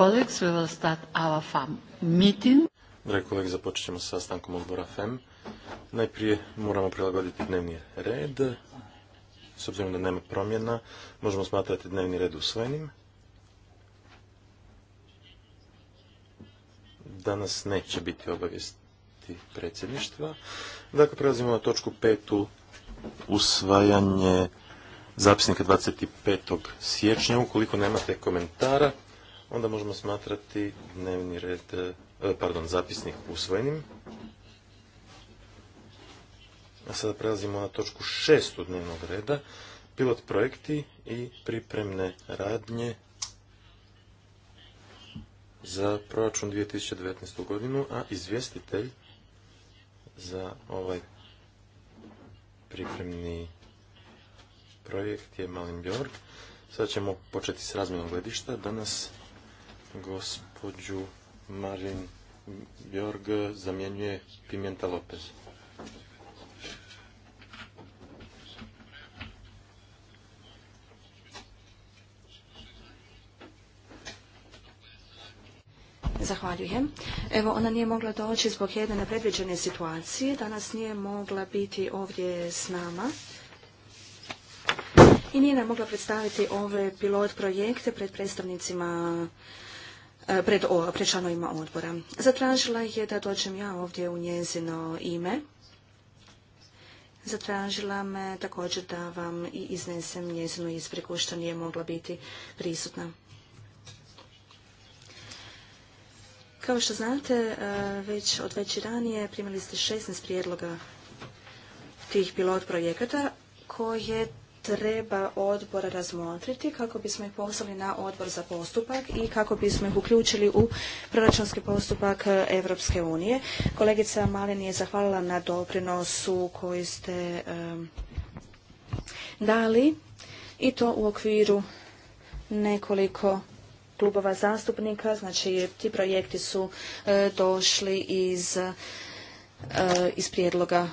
colleagues, we will start our Dragi kolege, započet ćemo sa stankom odbora FEM. Najprije moramo prilagoditi dnevni red. S obzirom da nema promjena, možemo smatrati dnevni red usvojenim. Danas neće biti obavijesti predsjedništva. Dakle, prelazimo na točku petu, usvajanje zapisnika 25. siječnja. Ukoliko nemate komentara, onda možemo smatrati dnevni red, e, pardon, zapisnik usvojenim. A sada prelazimo na točku šestu dnevnog reda, pilot projekti i pripremne radnje za proračun 2019. godinu, a izvjestitelj za ovaj pripremni projekt je Malin Bjork. Sada ćemo početi s razmjenom gledišta. Danas gospođu Marin Bjorg zamjenjuje Pimenta Lopez. Zahvaljujem. Evo, ona nije mogla doći zbog jedne nepredviđene situacije. Danas nije mogla biti ovdje s nama. I nije nam mogla predstaviti ove pilot projekte pred predstavnicima pred, članovima odbora. Zatražila je da dođem ja ovdje u njezino ime. Zatražila me također da vam i iznesem njezinu ispriku što nije mogla biti prisutna. Kao što znate, e, već od veći ranije primili ste 16 prijedloga tih pilot projekata koje treba odbora razmotriti kako bismo ih poslali na odbor za postupak i kako bismo ih uključili u proračunski postupak Europske eh, unije. Kolegica Malin je zahvalila na doprinosu koji ste dali i to u okviru nekoliko klubova zastupnika. Znači, ti projekti su eh, došli iz, eh, iz prijedloga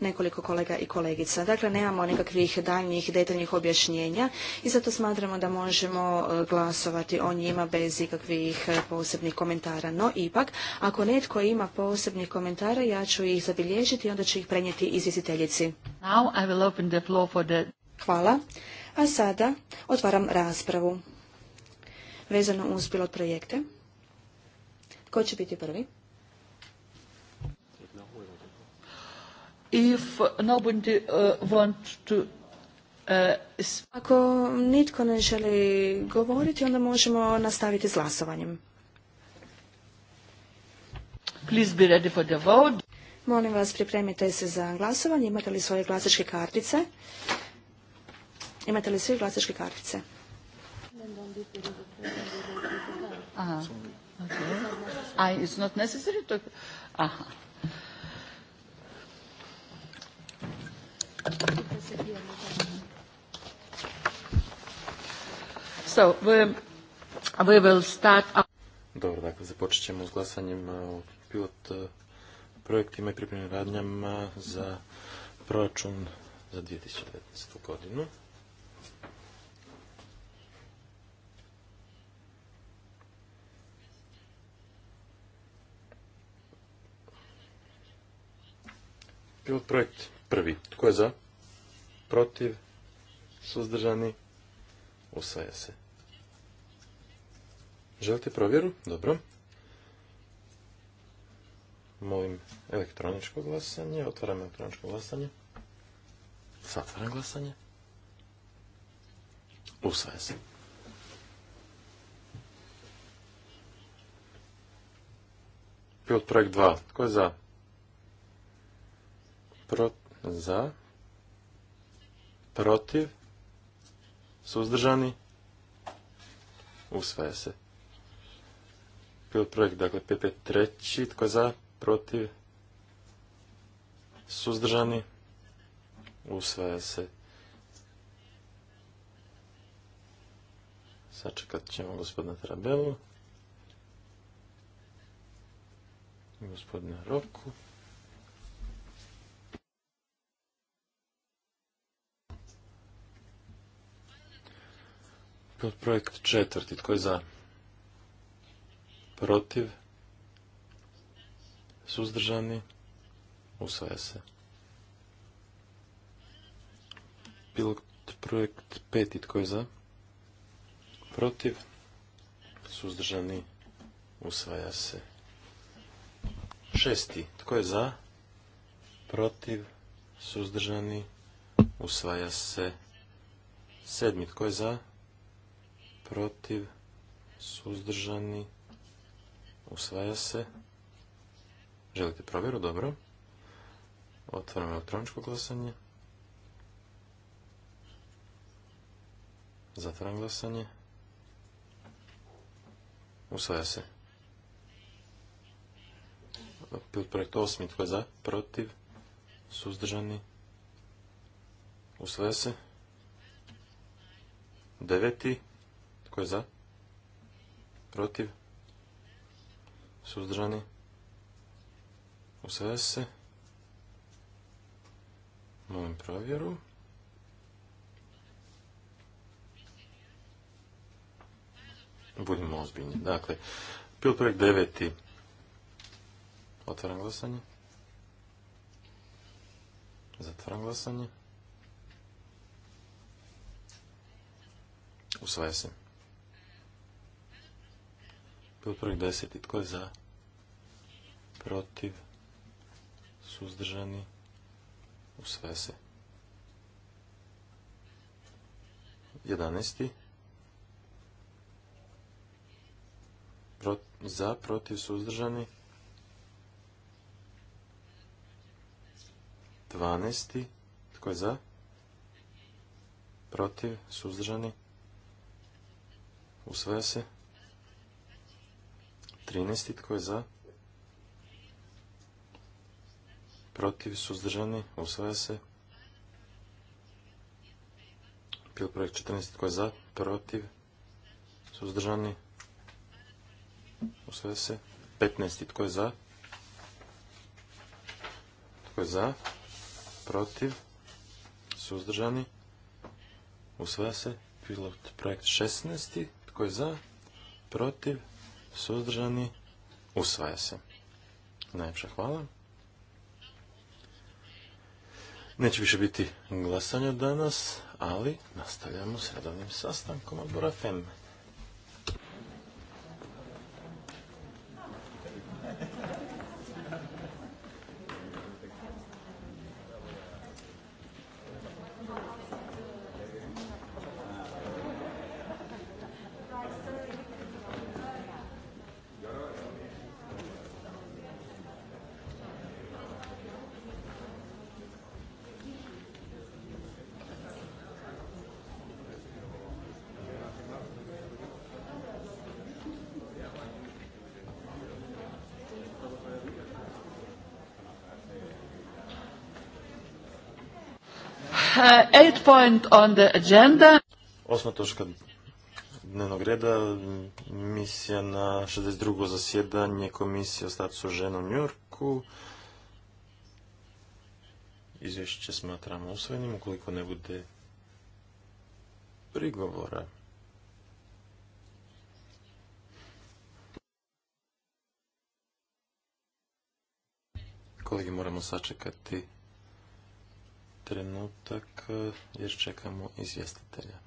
nekoliko kolega i kolegica. Dakle, nemamo nekakvih daljnjih detaljnih objašnjenja i zato smatramo da možemo e, glasovati o njima bez ikakvih e, posebnih komentara. No, ipak, ako netko ima posebnih komentara, ja ću ih zabilježiti i onda ću ih prenijeti izvjestiteljici. Hvala. A sada otvaram raspravu vezano uz pilot projekte. Tko će biti prvi? If nobody uh, to uh, ako nitko ne želi govoriti, onda možemo nastaviti s glasovanjem. Please be ready for the vote. Molim vas, pripremite se za glasovanje. Imate li svoje glasačke kartice? Imate li svi glasačke kartice? Aha. Okay. I, it's not necessary to... Aha. Dobro, dakle, započet ćemo s glasanjem o pilot projektima i pripremnim radnjama za proračun za 2019. godinu. Pilot projekt prvi. Tko je za? Protiv? Suzdržani? Usvaja se. Želite provjeru? Dobro. Molim elektroničko glasanje. Otvaram elektroničko glasanje. Satvaram glasanje. Usvaja se. Pilot projekt 2. Tko je za? Protiv? za, protiv, suzdržani, usvaja se. Pilot projekt, dakle, PP treći, tko je za, protiv, suzdržani, usvaja se. Sačekat ćemo gospodina Trabelu i gospodina Roku. Projekt četvrti. Tko je za? Protiv? Suzdržani? Usvaja se. Pilot projekt peti. Tko je za? Protiv? Suzdržani? Usvaja se. Šesti. Tko je za? Protiv? Suzdržani? Usvaja se. Sedmi. Tko je za? protiv, suzdržani, usvaja se. Želite provjeru? Dobro. Otvorimo elektroničko glasanje. Zatvaram glasanje. Usvaja se. Pilot projekt osmi, tko je za, protiv, suzdržani, usvaja se. Deveti, tko je za? Protiv? Suzdržani? Usvaja se. Molim provjeru. Budimo ozbiljni. Dakle, pil projekt deveti. Otvaram glasanje. Zatvaram glasanje. Usvaja se deset deseti. Tko je za? Protiv? Suzdržani? U sve se. Jedanesti. za, protiv, suzdržani. 12. Tko je za? Protiv, suzdržani. sve se. 13. Tko je za? Protiv, suzdržani, usvaja se. Pil projekt 14. Tko je za? Protiv, suzdržani, usvaja se. 15. Tko je za? Tko je za? Protiv, suzdržani, usvaja se. Pilot projekt 16. Tko je za? Protiv, suzdržani, usvaja se. Najljepša hvala. Neće više biti glasanja danas, ali nastavljamo s redovnim sastankom odbora FEMME. agenda. Osma točka dnevnog reda, misija na 62. zasjedanje komisije o statusu žena u Njorku. Izvješće smatramo usvojenim ukoliko ne bude prigovora. Kolegi moramo sačekati trenutak e, jer čekamo izvjestitelja.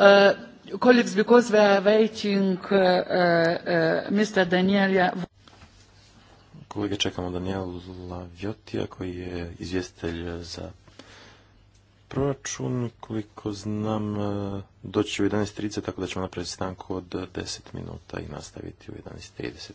Uh, colleagues, because we are waiting uh, uh, Mr. Daniela... Kolege, čekamo Daniela Vjotija koji je izvjestitelj za proračun. Koliko znam, doći u 11.30, tako da ćemo napraviti stanku od 10 minuta i nastaviti u 11.30.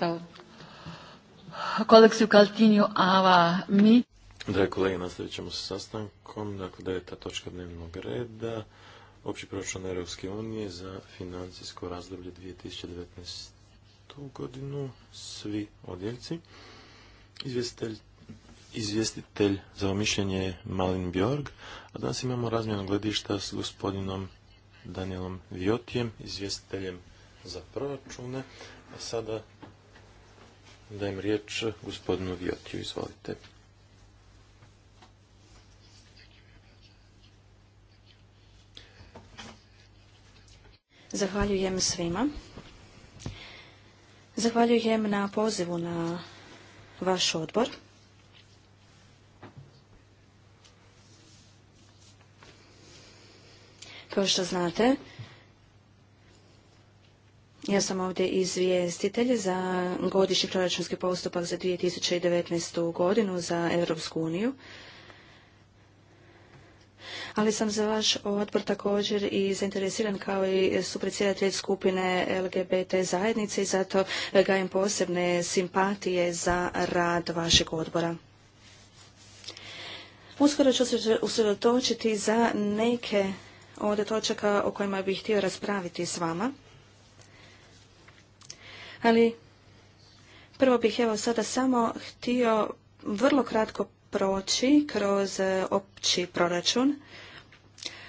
So, colleagues, kaltinju ava mi meet. kolege, nastavit ćemo sa sastankom. Dakle, deveta točka dnevnog reda. Opći proračun Europske unije za financijsko razdoblje 2019. godinu. Svi odjeljci. Izvjestitelj izvjestitelj za mišljenje je Malin Bjorg, a danas imamo razmjenu gledišta s gospodinom Danielom Viotijem, izvjestiteljem za proračune, a sada Dajem riječ gospodinu Viotiju, izvolite. Zahvaljujem svima. Zahvaljujem na pozivu na vaš odbor. Kao što znate, ja sam ovdje izvjestitelj za godišnji proračunski postupak za 2019. godinu za Europsku uniju. Ali sam za vaš odbor također i zainteresiran kao i supredsjedatelj skupine LGBT zajednice i zato gajem posebne simpatije za rad vašeg odbora. Uskoro ću se usredotočiti za neke od točaka o kojima bih htio raspraviti s vama ali prvo bih evo sada samo htio vrlo kratko proći kroz e, opći proračun,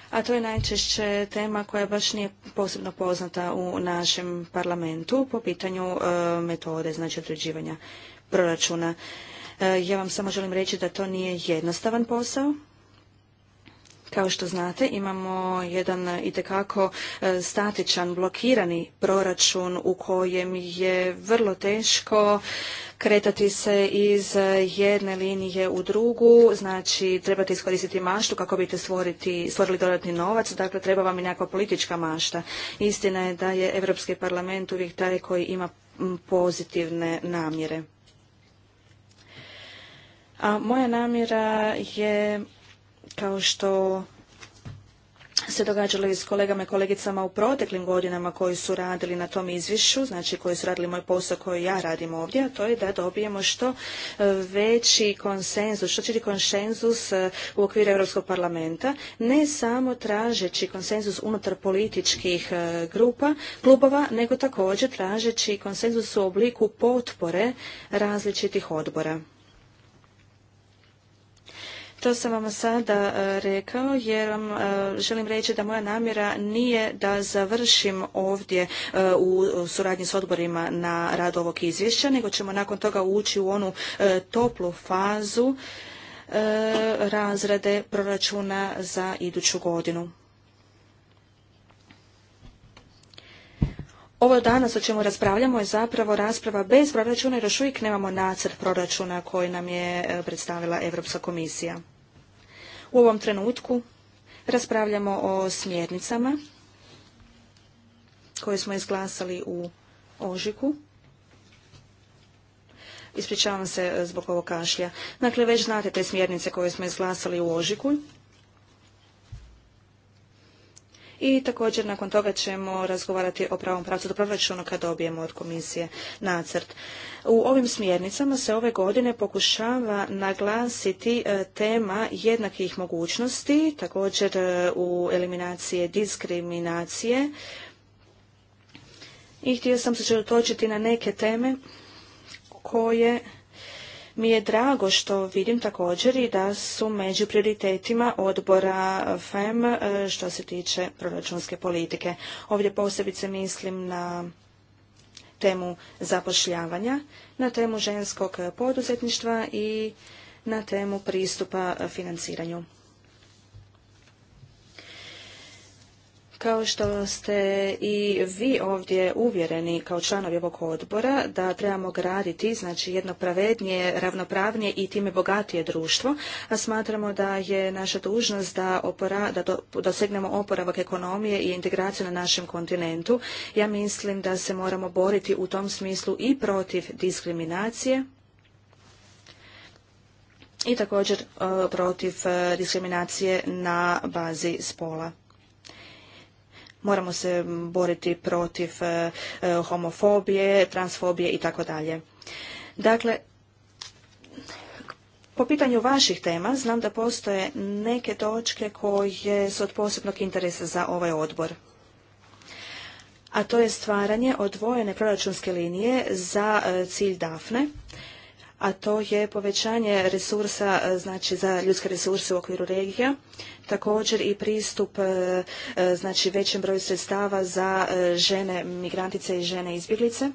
a to je najčešće tema koja baš nije posebno poznata u našem parlamentu po pitanju e, metode, znači određivanja proračuna. E, ja vam samo želim reći da to nije jednostavan posao, kao što znate, imamo jedan e, itekako e, statičan, blokirani proračun u kojem je vrlo teško kretati se iz e, jedne linije u drugu, znači trebate iskoristiti maštu kako biste stvoriti, stvorili dodatni novac, dakle treba vam i nekakva politička mašta. Istina je da je Europski parlament uvijek taj koji ima pozitivne namjere. A moja namjera je kao što se događalo i s kolegama i kolegicama u proteklim godinama koji su radili na tom izvješću, znači koji su radili moj posao koji ja radim ovdje, a to je da dobijemo što e, veći konsenzus, što čiti konsenzus e, u okviru Europskog parlamenta, ne samo tražeći konsenzus unutar političkih e, grupa, klubova, nego također tražeći konsenzus u obliku potpore različitih odbora. To sam vam sada e, rekao jer vam e, želim reći da moja namjera nije da završim ovdje e, u suradnji s odborima na rad ovog izvješća, nego ćemo nakon toga ući u onu toplu fazu razrade proračuna za iduću godinu. Ovo danas o čemu raspravljamo je zapravo rasprava bez proračuna jer još uvijek nemamo nacrt proračuna koji nam je predstavila Europska komisija. U ovom trenutku raspravljamo o smjernicama koje smo izglasali u ožiku. Ispričavam se zbog ovog kašlja. Dakle, već znate te smjernice koje smo izglasali u ožiku i također nakon toga ćemo razgovarati o pravom pravcu do proračuna kad dobijemo od komisije nacrt. U ovim smjernicama se ove godine pokušava naglasiti e, tema jednakih mogućnosti, također e, u eliminacije diskriminacije i htio sam se čedotočiti na neke teme koje mi je drago što vidim također i da su među prioritetima odbora FEM e, što se tiče proračunske politike. Ovdje posebice mislim na temu zapošljavanja, na temu ženskog poduzetništva i na temu pristupa financiranju. Kao što ste i vi ovdje uvjereni kao članovi ovog odbora da trebamo graditi znači jedno pravednije, ravnopravnije i time bogatije društvo, a smatramo da je naša dužnost da, da dosegnemo oporavak ekonomije i integraciju na našem kontinentu. Ja mislim da se moramo boriti u tom smislu i protiv diskriminacije, i također e, protiv e, diskriminacije na bazi spola. Moramo se boriti protiv e, e, homofobije, transfobije i tako dalje. Dakle, po pitanju vaših tema znam da postoje neke točke koje su od posebnog interesa za ovaj odbor a to je stvaranje odvojene proračunske linije za e, cilj DAFNE a to je povećanje resursa e, znači za ljudske resurse u okviru regija, također i pristup e, e, znači većem broju sredstava za žene migrantice i žene izbjeglice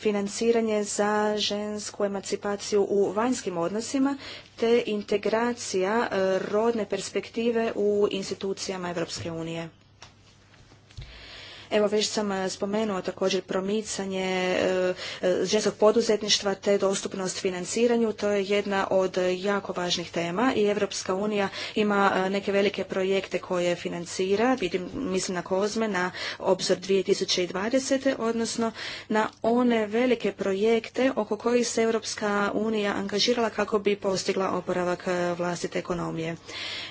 financiranje za žensku emancipaciju u vanjskim odnosima te integracija rodne perspektive u institucijama Europske unije. Evo već sam e, spomenuo također promicanje e, e, ženskog poduzetništva te dostupnost financiranju. To je jedna od jako važnih tema i Europska unija ima neke velike projekte koje financira, vidim, mislim na Kozme, na obzor 2020. odnosno na one velike projekte oko kojih se Europska unija angažirala kako bi postigla oporavak vlastite ekonomije.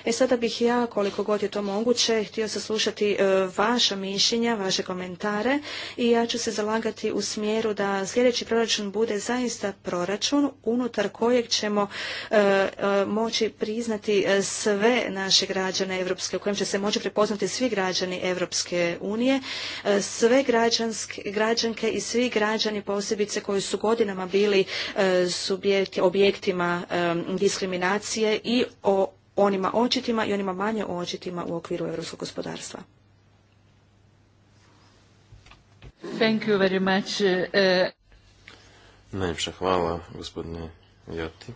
E sada bih ja, koliko god je to moguće, htio saslušati vaša mišljenja, vaše komentare i ja ću se zalagati u smjeru da sljedeći proračun bude zaista proračun unutar kojeg ćemo e, e, moći priznati e, sve naše građane Europske, u kojem će se moći prepoznati svi građani Europske unije, sve građanke i svi građani posebice koji su godinama bili objektima diskriminacije i o onima očitima i onima manje očitima u okviru europskog gospodarstva. Thank uh, uh. hvala, gospodine Joti.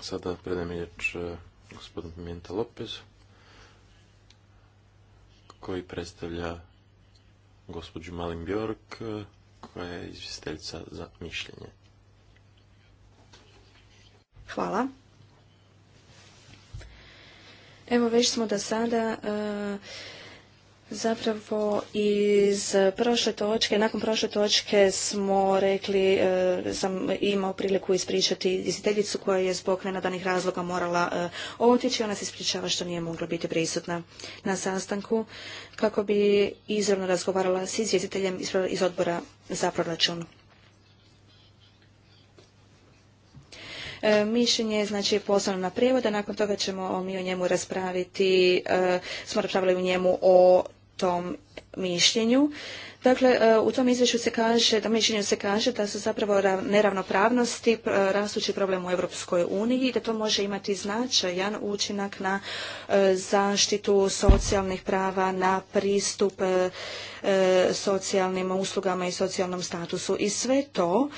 Sada predajem riječ uh, gospodinu Pimenta Lopez koji predstavlja gospođu Malin Bjork, koja je izvjestiteljica za mišljenje. Hvala. Evo već smo da sada e, Zapravo iz prošle točke, nakon prošle točke smo rekli, e, sam imao priliku ispričati iziteljicu koja je zbog nenadanih razloga morala e, otići. Ona se ispričava što nije mogla biti prisutna na sastanku kako bi izravno razgovarala s izvjestiteljem iz odbora za proračun. E, mišljenje znači, je poslano na prijevod, a nakon toga ćemo mi o njemu raspraviti, e, smo raspravili u njemu o tom mišljenju. Dakle, e, u tom izvješću se kaže, da mišljenju se kaže da su zapravo neravnopravnosti rastući problem u Europskoj uniji i da to može imati značajan učinak na zaštitu socijalnih prava, na pristup socijalnim uslugama i socijalnom statusu. I sve to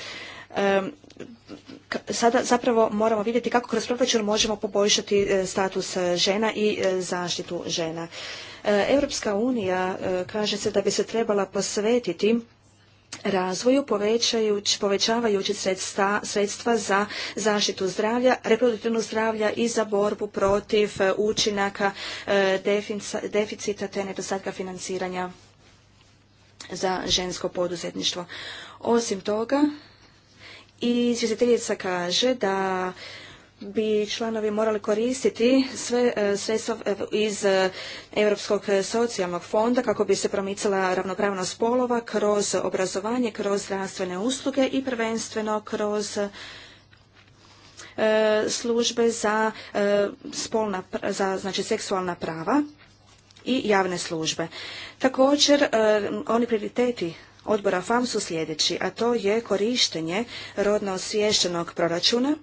sada zapravo moramo vidjeti kako kroz proračun možemo poboljšati e, status e, žena i e, zaštitu žena. Europska unija kaže se da bi se trebala posvetiti razvoju povećavajući sredstva, sredstva za zaštitu zdravlja, reproduktivnog zdravlja i za borbu protiv učinaka deficita te nedostatka financiranja za žensko poduzetništvo. Osim toga, i izvjestiteljica kaže da bi članovi morali koristiti sve e, e, iz e, Europskog socijalnog fonda kako bi se promicala ravnopravnost spolova kroz obrazovanje, kroz zdravstvene usluge i prvenstveno kroz službe za spolna, za znači seksualna prava i javne službe. Također, oni prioriteti odbora FAM su sljedeći, a to je korištenje rodno osviještenog proračuna,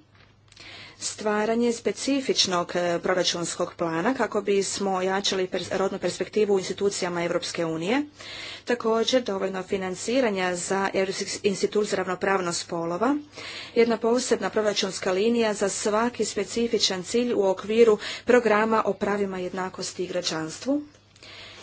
stvaranje specifičnog e, proračunskog plana kako bismo ojačali rodnu perspektivu u institucijama Europske unije, također dovoljno financiranja za institut za ravnopravnost spolova, jedna posebna proračunska linija za svaki specifičan cilj u okviru programa o pravima jednakosti i građanstvu,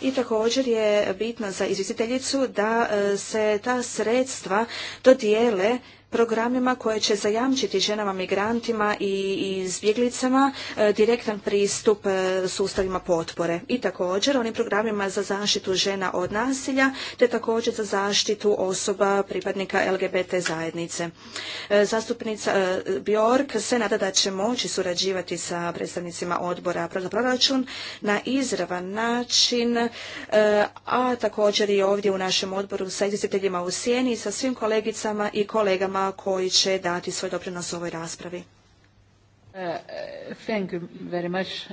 i također je bitno za izvjestiteljicu da e, se ta sredstva dodijele programima koje će zajamčiti ženama migrantima i izbjeglicama e, direktan pristup e, sustavima potpore i također onim programima za zaštitu žena od nasilja te također za zaštitu osoba pripadnika LGBT zajednice. E, zastupnica Bjork se nada da će moći surađivati sa predstavnicima odbora za proračun na izravan način, a također i ovdje u našem odboru sa izvjestiteljima u sjeni i sa svim kolegicama i kolegama kolegama koji će dati svoj doprinos u ovoj raspravi. Uh, uh, thank you very much.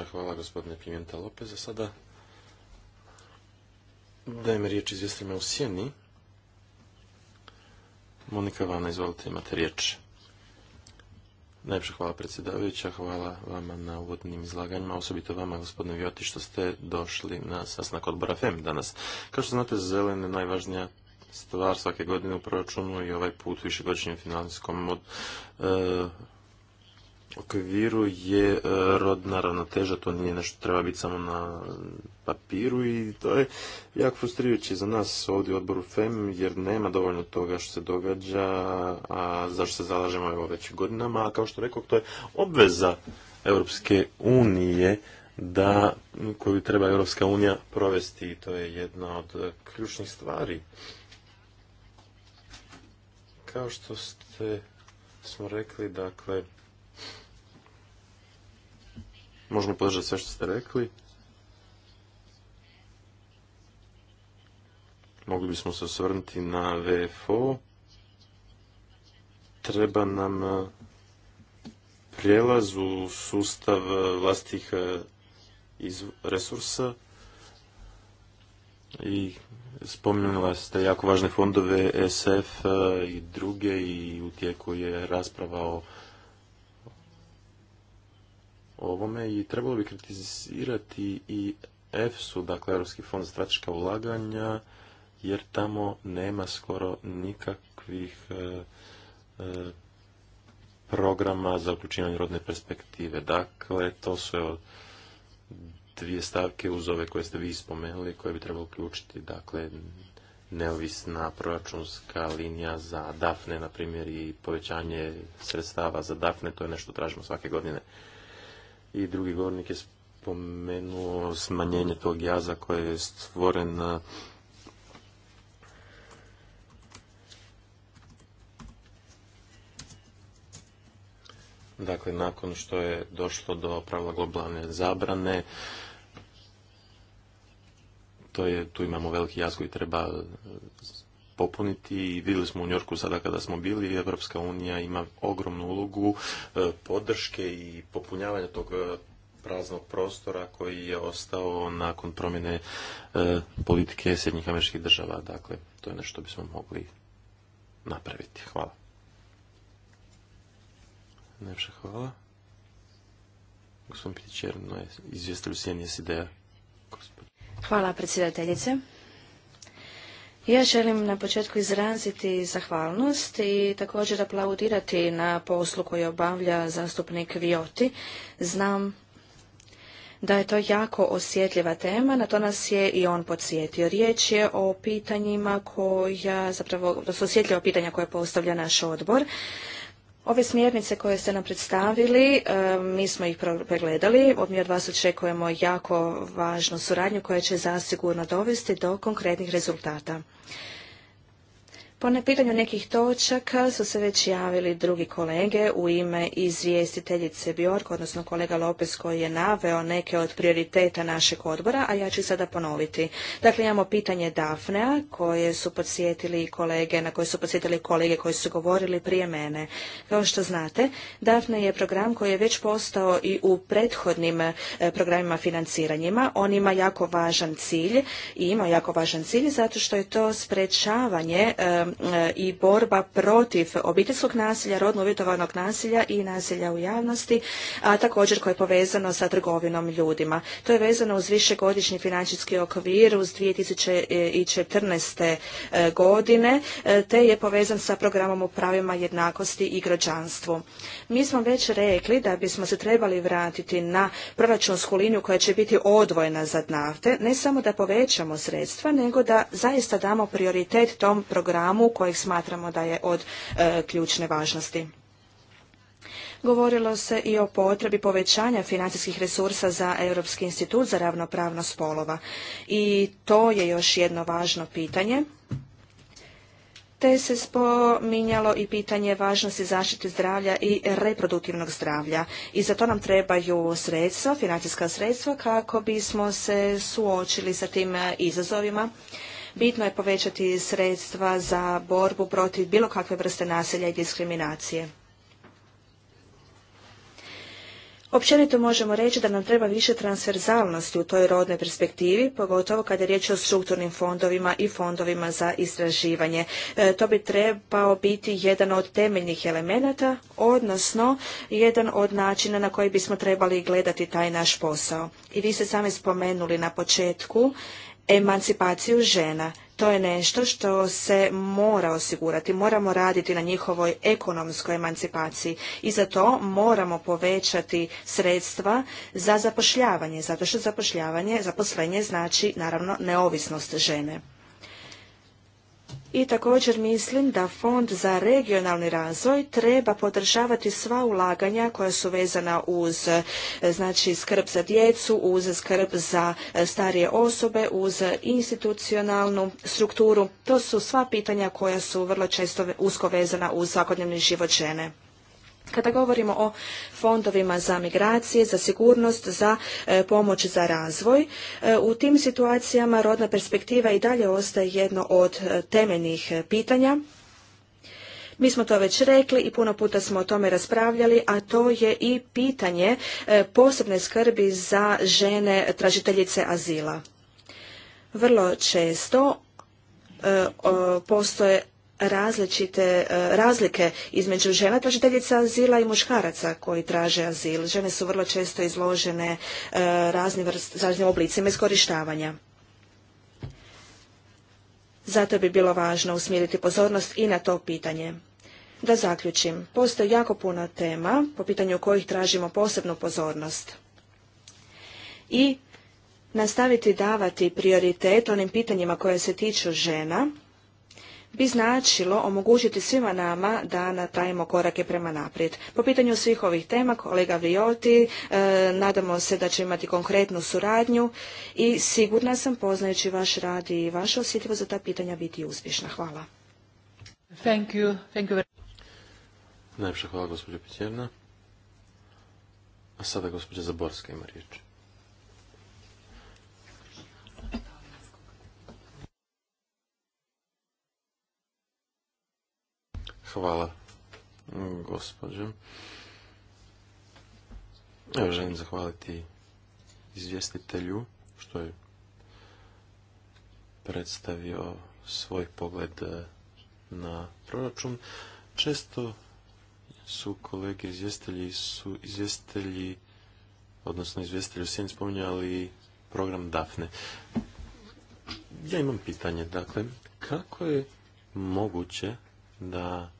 Uh, hvala gospodine Pimenta Lopez. Za sada dajem riječ izvjestima u sjeni. Monika Vana, izvolite, imate riječ. Najljepša hvala predsjedavajuća, hvala vama na uvodnim izlaganjima, osobito vama gospodine Vjoti što ste došli na sasnak odbora FEM danas. Kao što znate, zelene najvažnija stvar svake godine u proračunu i ovaj put višegodišnjem financijskom od, e, okviru je e, rodna ravnoteža, to nije nešto treba biti samo na papiru i to je jako frustrirajuće za nas ovdje u odboru FEM jer nema dovoljno toga što se događa, a zašto se zalažemo evo već godinama, a kao što rekao to je obveza Europske unije da koju treba Europska unija provesti i to je jedna od ključnih stvari kao što ste smo rekli, dakle, možemo podržati sve što ste rekli. Mogli bismo se osvrnuti na VFO. Treba nam eh, prijelaz u sustav eh, vlastih eh, resursa i Spomenula ste jako važne fondove e SF e, i druge i u tijeku je rasprava o ovome i trebalo bi kritizirati i EFSU, dakle Europski fond za strateška ulaganja, jer tamo nema skoro nikakvih e, programa za uključivanje rodne perspektive. Dakle, to su evo, dvije stavke uz ove koje ste vi spomenuli koje bi trebalo uključiti. Dakle, neovisna proračunska linija za DAFNE, na primjer, i povećanje sredstava za DAFNE, to je nešto tražimo svake godine. I drugi govornik je spomenuo smanjenje tog jaza koje je stvoren Dakle, nakon što je došlo do pravila globalne zabrane, to je, tu imamo veliki jaz koji treba e, popuniti i vidjeli smo u Njorku sada kada smo bili, Evropska unija ima ogromnu ulogu e, podrške i popunjavanja tog e, praznog prostora koji je ostao nakon promjene politike Sjednjih američkih država. Dakle, to je nešto bismo mogli napraviti. Hvala. Najviše hvala. Gospodin Pitićer, no je sjeni sid Hvala predsjedateljice. Ja želim na početku izraziti zahvalnost i također aplaudirati na poslu koju obavlja zastupnik Vioti. Znam da je to jako osjetljiva tema, na to nas je i on podsjetio. Riječ je o pitanjima koja, zapravo, to su osjetljiva pitanja koje postavlja naš odbor Ove smjernice koje ste nam predstavili, e, mi smo ih pregledali. mi od vas očekujemo jako važnu suradnju koja će zasigurno dovesti do konkretnih rezultata. Po nepitanju nekih točaka su se već javili drugi kolege u ime izvjestiteljice Bjork, odnosno kolega Lopez koji je naveo neke od prioriteta našeg odbora, a ja ću sada ponoviti. Dakle, imamo pitanje Dafnea koje su podsjetili kolege, na koje su podsjetili kolege koji su govorili prije mene. Kao što znate, Dafne je program koji je već postao i u prethodnim e, programima financiranjima. On ima jako važan cilj i ima jako važan cilj zato što je to sprečavanje e, i borba protiv obiteljskog nasilja, rodno uvjetovanog nasilja i nasilja u javnosti, a također koje je povezano sa trgovinom ljudima. To je vezano uz višegodišnji financijski okvir uz 2014. E, godine, e, te je povezan sa programom o pravima jednakosti i građanstvu. Mi smo već rekli da bismo se trebali vratiti na proračunsku liniju koja će biti odvojena za nafte, ne samo da povećamo sredstva, nego da zaista damo prioritet tom programu programu kojeg smatramo da je od e, ključne važnosti. Govorilo se i o potrebi povećanja financijskih resursa za Europski institut za ravnopravnost spolova i to je još jedno važno pitanje te se spominjalo i pitanje važnosti zaštite zdravlja i reproduktivnog zdravlja. I za to nam trebaju sredstva, financijska sredstva, kako bismo se suočili sa tim e, izazovima Bitno je povećati sredstva za borbu protiv bilo kakve vrste nasilja i diskriminacije. Općenito možemo reći da nam treba više transverzalnosti u toj rodnoj perspektivi, pogotovo kada je riječ o strukturnim fondovima i fondovima za istraživanje. E, to bi trebao biti jedan od temeljnih elemenata, odnosno jedan od načina na koji bismo trebali gledati taj naš posao. I vi ste sami spomenuli na početku emancipaciju žena. To je nešto što se mora osigurati. Moramo raditi na njihovoj ekonomskoj emancipaciji i za to moramo povećati sredstva za zapošljavanje, zato što zapošljavanje, zaposlenje znači naravno neovisnost žene i također mislim da Fond za regionalni razvoj treba podržavati sva ulaganja koja su vezana uz e, znači skrb za djecu, uz skrb za e, starije osobe, uz institucionalnu strukturu. To su sva pitanja koja su vrlo često usko vezana uz svakodnevni život žene. Kada govorimo o fondovima za migracije, za sigurnost, za e, pomoć za razvoj, e, u tim situacijama rodna perspektiva i dalje ostaje jedno od e, temeljnih pitanja. Mi smo to već rekli i puno puta smo o tome raspravljali, a to je i pitanje posebne skrbi za žene tražiteljice azila. Vrlo često postoje različite e, razlike između žena tražiteljica azila i muškaraca koji traže azil. Žene su vrlo često izložene e, raznim, raznim oblicima iskorištavanja. Zato bi bilo važno usmjeriti pozornost i na to pitanje. Da zaključim, postoji jako puno tema po pitanju kojih tražimo posebnu pozornost. I nastaviti davati prioritet onim pitanjima koje se tiču žena, bi značilo omogućiti svima nama da natajmo korake prema naprijed. Po pitanju svih ovih tema, kolega Vrioti, e, nadamo se da će imati konkretnu suradnju i sigurna sam poznajući vaš rad i vaše osjetljivo za ta pitanja biti uspješna. Hvala. Najpša hvala gospođo A sada gospođa Zaborska ima riječ. Hvala, gospođo. Evo, želim zahvaliti izvjestitelju što je predstavio svoj pogled eh, na proračun. Često su kolege izvjestitelji, su izvjestitelji, odnosno izvjestitelji u Sjeni spominjali program DAFNE. Ja imam pitanje, dakle, kako je moguće da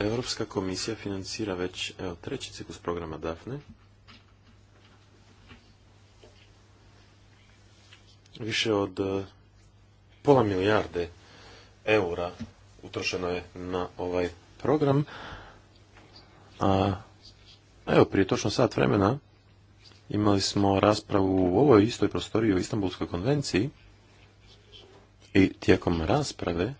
Europska komisija financira već treći ciklus programa DAFNE. Više od e, pola milijarde eura utrošeno je na ovaj program. A, evo, prije točno sat vremena imali smo raspravu u ovoj istoj prostoriji u Istanbulskoj konvenciji i tijekom rasprave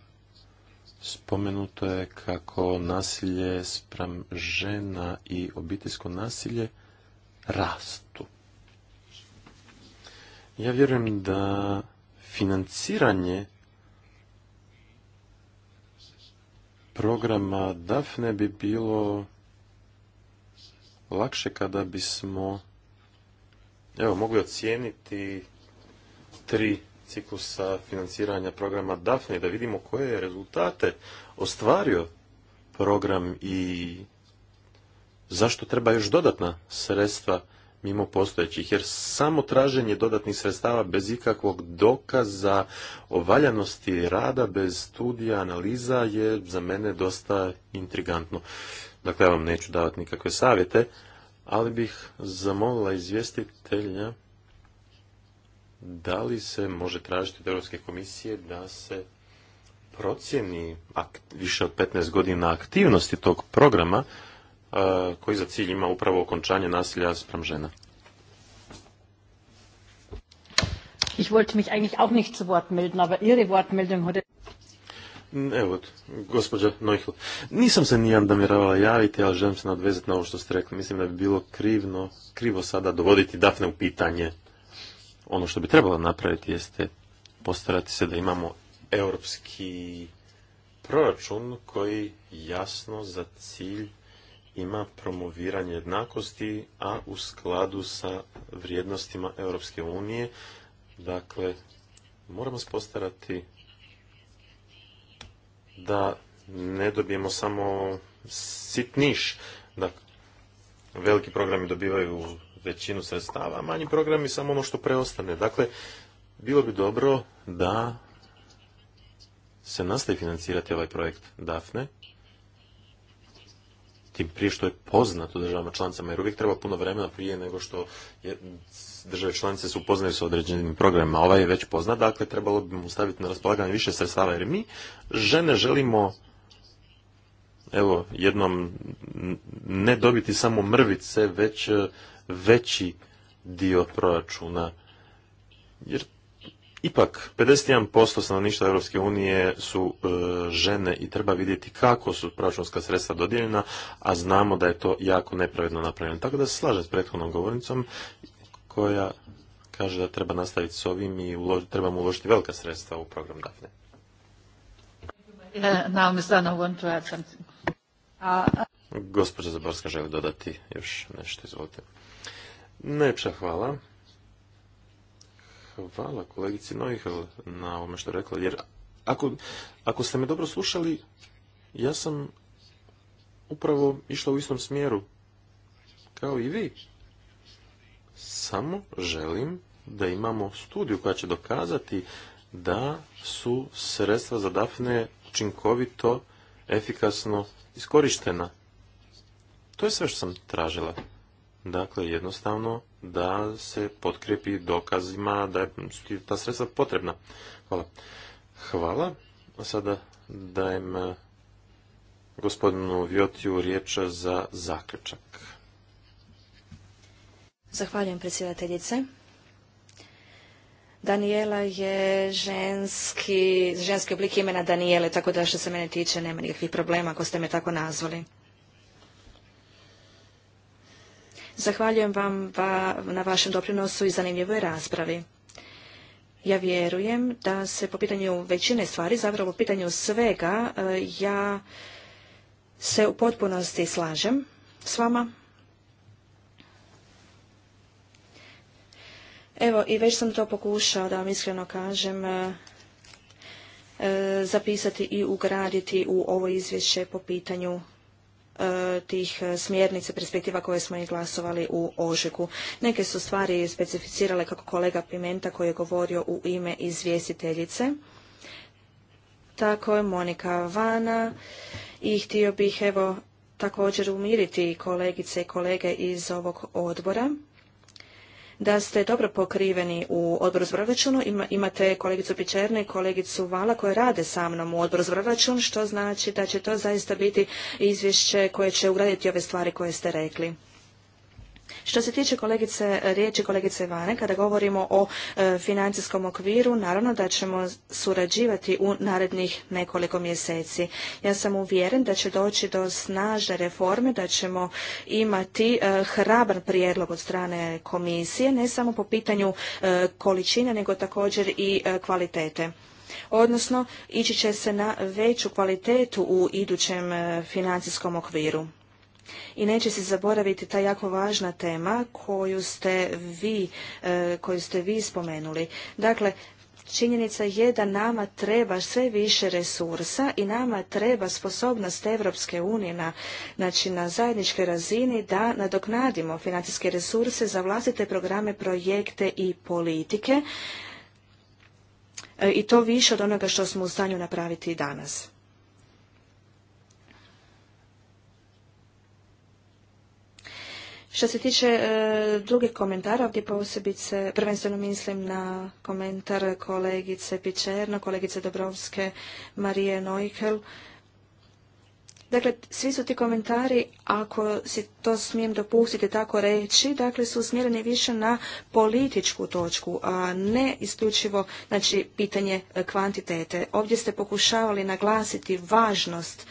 spomenuto je kako nasilje spram žena i obiteljsko nasilje rastu. Ja vjerujem da financiranje programa DAFNE bi bilo lakše kada bismo evo mogli ocijeniti tri ciklusa financiranja programa DAFNE i da vidimo koje je rezultate ostvario program i zašto treba još dodatna sredstva mimo postojećih, jer samo traženje dodatnih sredstava bez ikakvog dokaza o valjanosti rada, bez studija, analiza je za mene dosta intrigantno. Dakle, ja vam neću davati nikakve savjete, ali bih zamolila izvjestitelja da li se može tražiti od Europske komisije da se procjeni više od 15 godina aktivnosti tog programa koji za cilj ima upravo okončanje nasilja sprem žena? Ich wollte mich eigentlich auch nicht zu Wort melden, aber Ihre Wortmeldung Evo, gospođa Neuhl, nisam se ni namjeravala javiti, ali želim se nadvezati na ovo što ste rekli. Mislim da bi bilo krivno, krivo sada dovoditi Dafne u pitanje ono što bi trebalo napraviti jeste postarati se da imamo europski proračun koji jasno za cilj ima promoviranje jednakosti, a u skladu sa vrijednostima Europske unije. Dakle, moramo se postarati da ne dobijemo samo sitniš. Dakle, veliki programi dobivaju većinu sredstava, a manji programi samo ono što preostane. Dakle, bilo bi dobro da se nastavi financirati ovaj projekt DAFNE, tim prije što je poznato državama članicama, jer uvijek treba puno vremena prije nego što je, države članice su upoznaju sa određenim programima. Ovaj je već poznat, dakle trebalo bi mu staviti na raspolaganje više sredstava, jer mi žene želimo evo, jednom ne dobiti samo mrvice, već veći dio proračuna. Jer ipak 51% stanovništva Europske unije su e, žene i treba vidjeti kako su proračunska sredstva dodijeljena, a znamo da je to jako nepravedno napravljeno. Tako da se slažem s prethodnom govornicom koja kaže da treba nastaviti s ovim i trebamo uložiti velika sredstva u program Dafne. Uh, Gospođa Zaborska želi dodati još nešto, izvolite. Najljepša hvala. Hvala kolegici Noihel na ovome što je rekla, jer ako, ako ste me dobro slušali, ja sam upravo išla u istom smjeru, kao i vi. Samo želim da imamo studiju koja će dokazati da su sredstva za Dafne učinkovito, efikasno iskorištena. To je sve što sam tražila dakle jednostavno da se potkrepi dokazima da su ta sredstva potrebna. Hvala. Hvala. A sada dajem eh, gospodinu Vjotiju riječ za zaključak. Zahvaljujem predsjedateljice. Daniela je ženski, ženski oblik imena Daniele, tako da što se mene tiče nema nikakvih problema ako ste me tako nazvali. Zahvaljujem vam na vašem doprinosu i zanimljivoj raspravi. Ja vjerujem da se po pitanju većine stvari, zapravo po pitanju svega, eh, ja se u potpunosti slažem s vama. Evo, i već sam to pokušao, da vam iskreno kažem, eh, eh, zapisati i ugraditi u ovo izvješće po pitanju E, tih e, smjernica, perspektiva koje smo i glasovali u ožegu. Neke su stvari specificirale kako kolega Pimenta koji je govorio u ime izvjestiteljice, tako je Monika Vana i htio bih evo također umiriti kolegice i kolege iz ovog odbora da ste dobro pokriveni u odboru za proračun, Imate kolegicu Pičerne i kolegicu Vala koje rade sa mnom u odboru za proračun, što znači da će to zaista biti izvješće koje će ugraditi ove stvari koje ste rekli. Što se tiče kolegice, eh, riječi kolegice Vane, kada govorimo o eh, financijskom okviru, naravno da ćemo surađivati u narednih nekoliko mjeseci. Ja sam uvjeren da će doći do snažne reforme, da ćemo imati eh, hrabar prijedlog od strane komisije, ne samo po pitanju količine, nego također i kvalitete odnosno ići će se na veću kvalitetu u idućem financijskom okviru i neće se zaboraviti ta jako važna tema koju ste vi, e, koju ste vi spomenuli. Dakle, Činjenica je da nama treba sve više resursa i nama treba sposobnost Evropske unije na, znači, na zajedničkoj razini da nadoknadimo financijske resurse za vlastite programe, projekte i politike e, i to više od onoga što smo u stanju napraviti danas. Što se tiče e, drugih komentara, ovdje posebice prvenstveno mislim na komentar kolegice Pičerno, kolegice Dobrovske, Marije Nojkel. Dakle, svi su ti komentari, ako si to smijem dopustiti tako reći, dakle su usmjereni više na političku točku, a ne isključivo znači, pitanje kvantitete. Ovdje ste pokušavali naglasiti važnost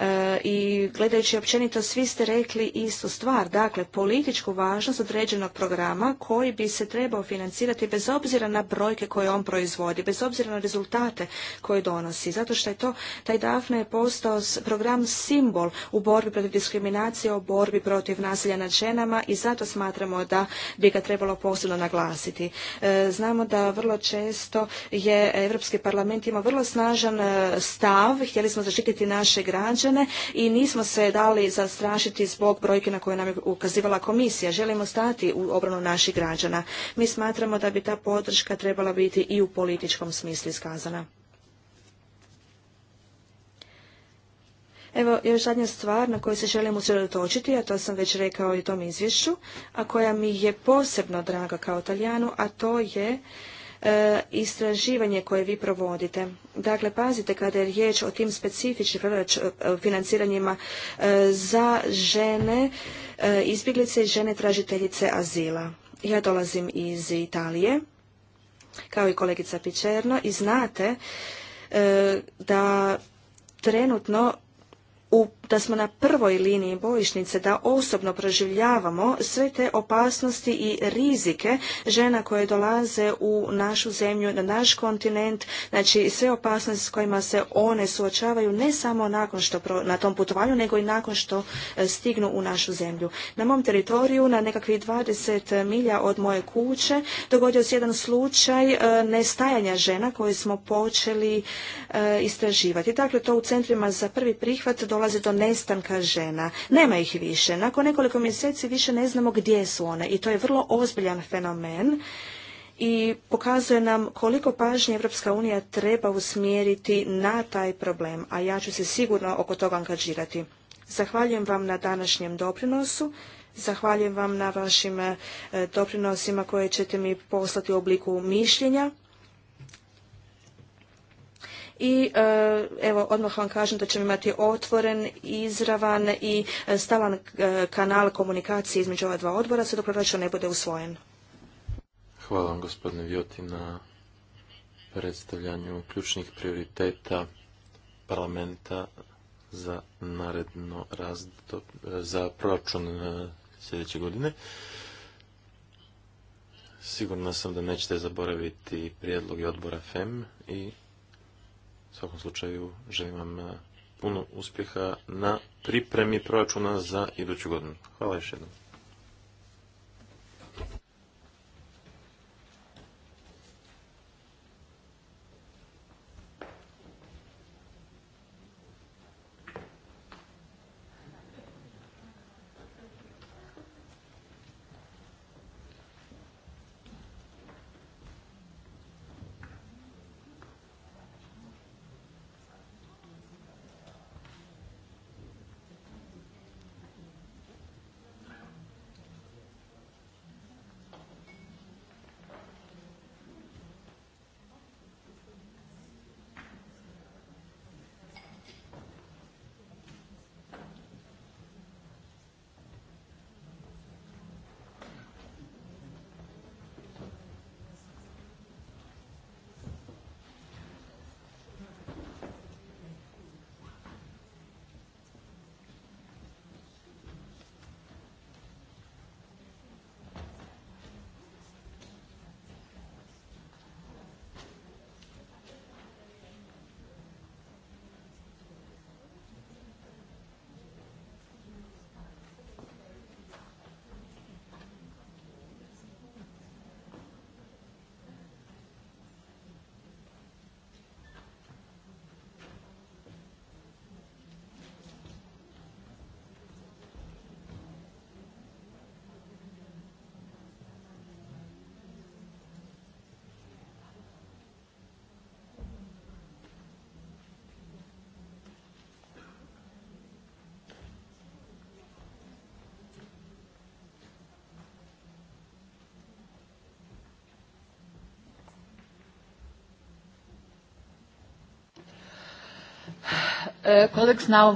E, i gledajući općenito svi ste rekli istu stvar, dakle političku važnost određenog programa koji bi se trebao financirati bez obzira na brojke koje on proizvodi, bez obzira na rezultate koje donosi, zato što je to, taj Dafne je postao program simbol u borbi protiv diskriminacije, u borbi protiv nasilja nad ženama i zato smatramo da bi ga trebalo posebno naglasiti. E, znamo da vrlo često je Europski parlament ima vrlo snažan e, stav, htjeli smo zaštititi naše građane, građane i nismo se dali zastrašiti zbog brojke na koje nam je ukazivala komisija. Želimo stati u obranu naših građana. Mi smatramo da bi ta podrška trebala biti i u političkom smislu iskazana. Evo još zadnja stvar na koju se želim usredotočiti, a to sam već rekao i u tom izvješću, a koja mi je posebno draga kao Italijanu, a to je E, istraživanje koje vi provodite. Dakle, pazite kada je riječ o tim specifičnim e, financiranjima e, za žene, izbjeglice i žene tražiteljice azila. Ja dolazim iz Italije, kao i kolegica Pičerno, i znate da trenutno u da smo na prvoj liniji bojišnice, da osobno proživljavamo sve te opasnosti i rizike žena koje dolaze u našu zemlju, na naš kontinent, znači sve opasnosti s kojima se one suočavaju ne samo nakon što na tom putovanju, nego i nakon što e, stignu u našu zemlju. Na mom teritoriju, na nekakvih 20 milja od moje kuće, dogodio se jedan slučaj e, nestajanja žena koje smo počeli e, istraživati. Dakle, to u centrima za prvi prihvat dolazi do nestanka žena. Nema ih više. Nakon nekoliko mjeseci više ne znamo gdje su one i to je vrlo ozbiljan fenomen i pokazuje nam koliko pažnje Evropska unija treba usmjeriti na taj problem, a ja ću se sigurno oko toga angažirati. Zahvaljujem vam na današnjem doprinosu. Zahvaljujem vam na vašim eh, doprinosima koje ćete mi poslati u obliku mišljenja i e, evo odmah vam kažem da ćemo imati otvoren, izravan i e, stalan e, kanal komunikacije između ova dva odbora sve dok proračun ne bude usvojen. Hvala vam gospodine Vjoti na predstavljanju ključnih prioriteta parlamenta za naredno razdoblje za proračun sljedeće godine. Sigurno sam da nećete zaboraviti prijedlog odbora FEM i u svakom slučaju želim vam e, puno uspjeha na pripremi proračuna za iduću godinu. Hvala još jednom. Uh, colleagues, now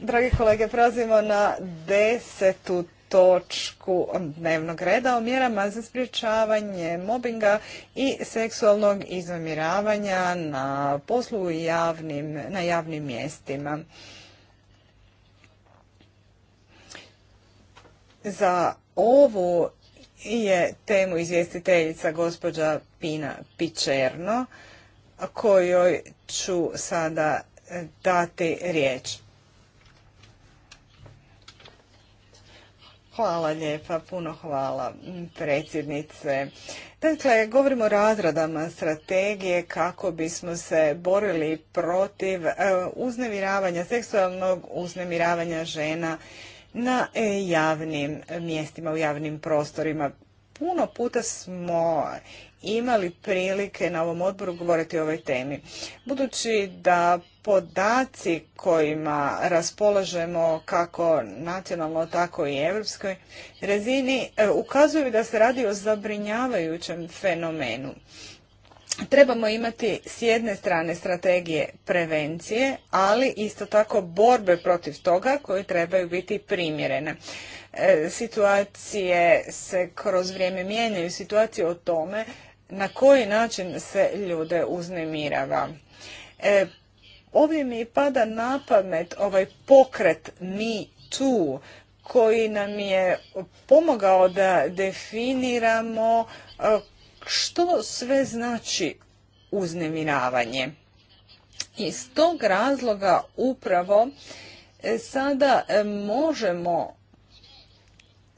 Dragi kolege, prelazimo na desetu točku dnevnog reda o mjerama za sprječavanje mobinga i seksualnog izomiravanja na poslu i javnim, na javnim mjestima. Za ovu je temu izvjestiteljica gospođa Pina Pičerno kojoj ću sada e, dati riječ. Hvala lijepa, puno hvala predsjednice. Dakle, govorimo o razradama strategije kako bismo se borili protiv e, uznemiravanja, seksualnog uznemiravanja žena na e, javnim mjestima, u javnim prostorima. Puno puta smo imali prilike na ovom odboru govoriti o ovoj temi. Budući da podaci kojima raspolažemo kako nacionalno, tako i europskoj razini e, ukazuju da se radi o zabrinjavajućem fenomenu. Trebamo imati s jedne strane strategije prevencije, ali isto tako borbe protiv toga koje trebaju biti primjerene. E, situacije se kroz vrijeme mijenjaju, situacije o tome na koji način se ljude uznemirava. E, ovdje mi pada na pamet ovaj pokret Me Too koji nam je pomogao da definiramo e, što sve znači uznemiravanje. Iz tog razloga upravo e, sada e, možemo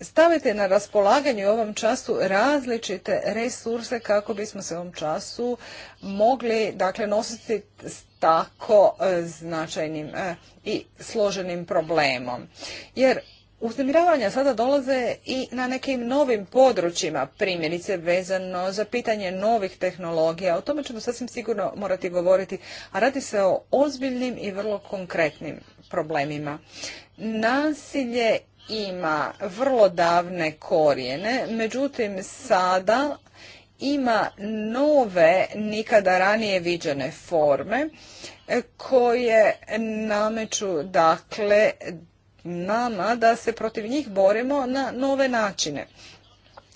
stavite na raspolaganje u ovom času različite resurse kako bismo se u ovom času mogli dakle, nositi s tako e, značajnim e, i složenim problemom. Jer Uznemiravanja sada dolaze i na nekim novim područjima, primjerice vezano za pitanje novih tehnologija. O tome ćemo sasvim sigurno morati govoriti, a radi se o ozbiljnim i vrlo konkretnim problemima. Nasilje ima vrlo davne korijene, međutim sada ima nove, nikada ranije viđene forme e, koje nameću dakle nama da se protiv njih borimo na nove načine.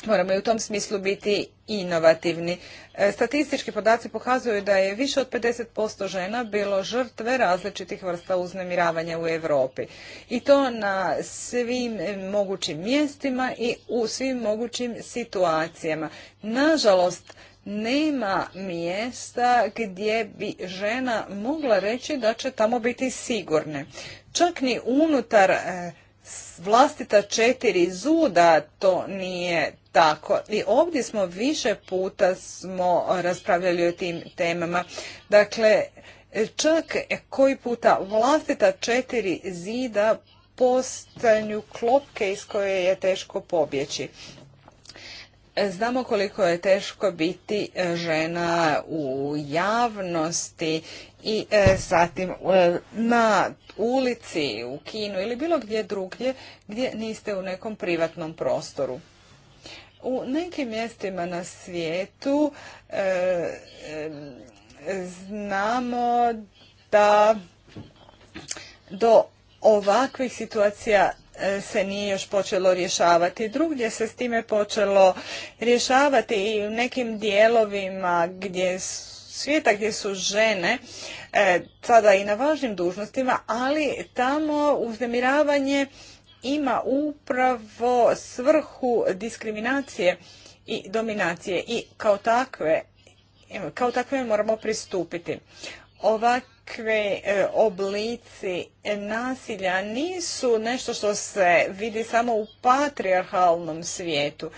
Moramo i u tom smislu biti inovativni. E, statistički podaci pokazuju da je više od 50% žena bilo žrtve različitih vrsta uznemiravanja u Europi. I to na svim mogućim mjestima i u svim mogućim situacijama. Nažalost, nema mjesta gdje bi žena mogla reći da će tamo biti sigurne. Čak ni unutar e, vlastita četiri zuda to nije tako. I ovdje smo više puta smo raspravljali o tim temama. Dakle, čak koji puta vlastita četiri zida postanju klopke iz koje je teško pobjeći. Znamo koliko je teško biti e, žena u javnosti i satim e, zatim e, na ulici, u kinu ili bilo gdje drugdje gdje niste u nekom privatnom prostoru. U nekim mjestima na svijetu e, e, znamo da do ovakvih situacija e, se nije još počelo rješavati. Drugdje se s time počelo rješavati i u nekim dijelovima gdje svijeta gdje su žene sada i na važnim dužnostima, ali tamo uznemiravanje ima upravo svrhu diskriminacije i dominacije i kao takve kao takve moramo pristupiti. Ovakve e, oblici nasilja nisu nešto što se vidi samo u patriarhalnom svijetu.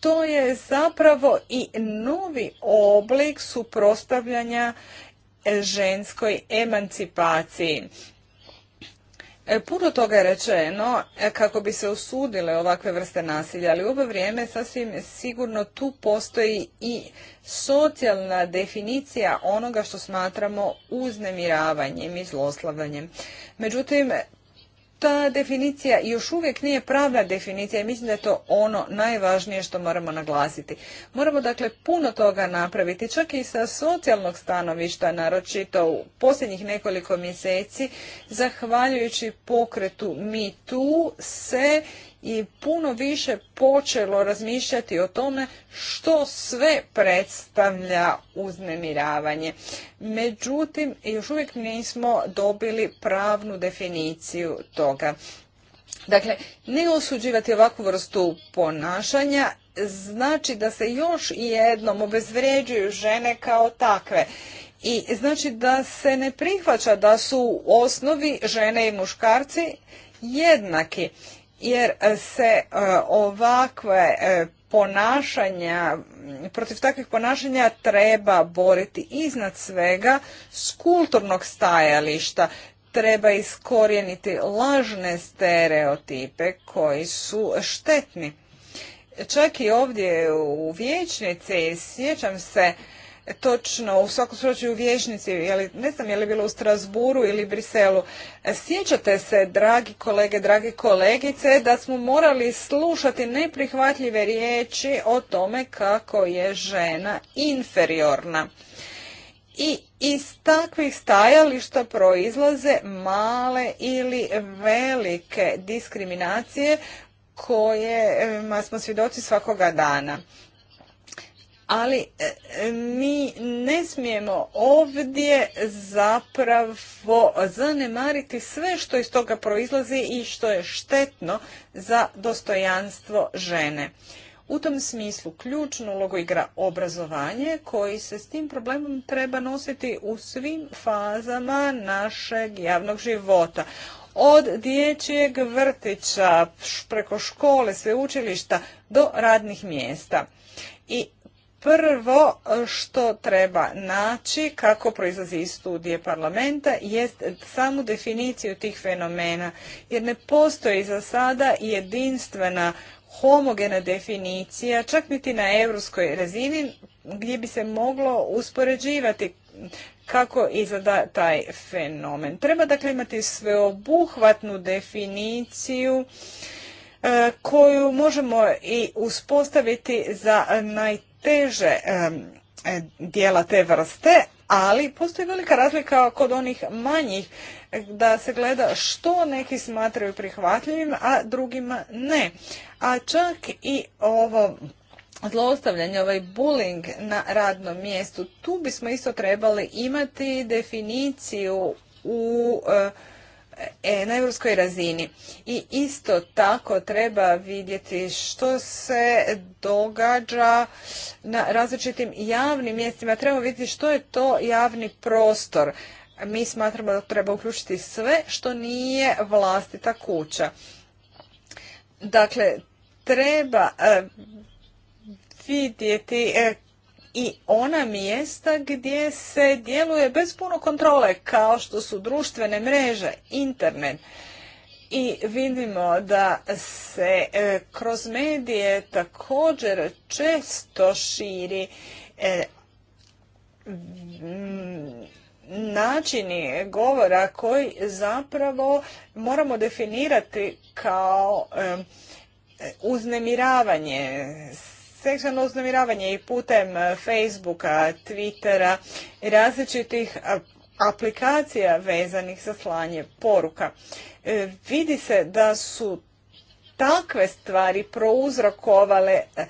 To je zapravo i novi oblik suprostavljanja e, ženskoj emancipaciji. E, puno toga je rečeno e, kako bi se osudile ovakve vrste nasilja, ali u ovo vrijeme sasvim sigurno tu postoji i socijalna definicija onoga što smatramo uznemiravanjem i zloslavanjem. Međutim, ta definicija još uvijek nije pravna definicija i mislim da je to ono najvažnije što moramo naglasiti. Moramo dakle puno toga napraviti, čak i sa socijalnog stanovišta, naročito u posljednjih nekoliko mjeseci, zahvaljujući pokretu mi tu se i puno više počelo razmišljati o tome što sve predstavlja uznemiravanje. Međutim, još uvijek nismo dobili pravnu definiciju toga. Dakle, ne osuđivati ovakvu vrstu ponašanja znači da se još jednom obezvređuju žene kao takve. I znači da se ne prihvaća da su u osnovi žene i muškarci jednaki jer e, se e, ovakve e, ponašanja, protiv takvih ponašanja treba boriti iznad svega s kulturnog stajališta. Treba iskorijeniti lažne stereotipe koji su štetni. Čak i ovdje u vijećnici sjećam se točno u svakom slučaju u vječnici, ne znam je li bilo u Strasburu ili Briselu. E, sjećate se, dragi kolege, dragi kolegice, da smo morali slušati neprihvatljive riječi o tome kako je žena inferiorna. I iz takvih stajališta proizlaze male ili velike diskriminacije kojima smo svjedoci svakoga dana ali e, e, mi ne smijemo ovdje zapravo zanemariti sve što iz toga proizlazi i što je štetno za dostojanstvo žene. U tom smislu ključnu ulogu igra obrazovanje koji se s tim problemom treba nositi u svim fazama našeg javnog života. Od dječjeg vrtića, preko škole, sveučilišta do radnih mjesta. I prvo što treba naći kako proizlazi iz studije parlamenta jest samu definiciju tih fenomena jer ne postoji za sada jedinstvena homogena definicija čak niti na europskoj razini gdje bi se moglo uspoređivati kako izgleda taj fenomen. Treba dakle imati sveobuhvatnu definiciju e, koju možemo i uspostaviti za naj teže e, dijela te vrste, ali postoji velika razlika kod onih manjih da se gleda što neki smatraju prihvatljivim, a drugima ne. A čak i ovo zlostavljanje, ovaj bullying na radnom mjestu, tu bismo isto trebali imati definiciju u e, E, na europskoj razini. I isto tako treba vidjeti što se događa na različitim javnim mjestima. Treba vidjeti što je to javni prostor. Mi smatramo da treba uključiti sve što nije vlastita kuća. Dakle, treba e, vidjeti e, i ona mjesta gdje se djeluje bez puno kontrole kao što su društvene mreže, internet. I vidimo da se e, kroz medije također često širi e, načini govora koji zapravo moramo definirati kao e, uznemiravanje uznemiravanje seksualno uznemiravanje i putem e, Facebooka, Twittera i različitih aplikacija vezanih za slanje poruka. E, vidi se da su takve stvari prouzrokovale e,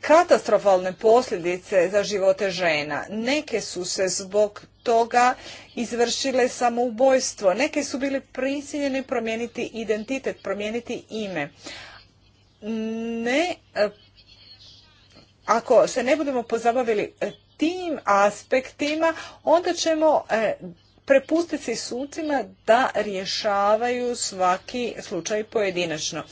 katastrofalne posljedice za živote žena. Neke su se zbog toga izvršile samoubojstvo, neke su bili prisiljeni promijeniti identitet, promijeniti ime. Ne ako se ne budemo pozabavili e, tim aspektima, onda ćemo e, prepustiti sucima da rješavaju svaki slučaj pojedinačno.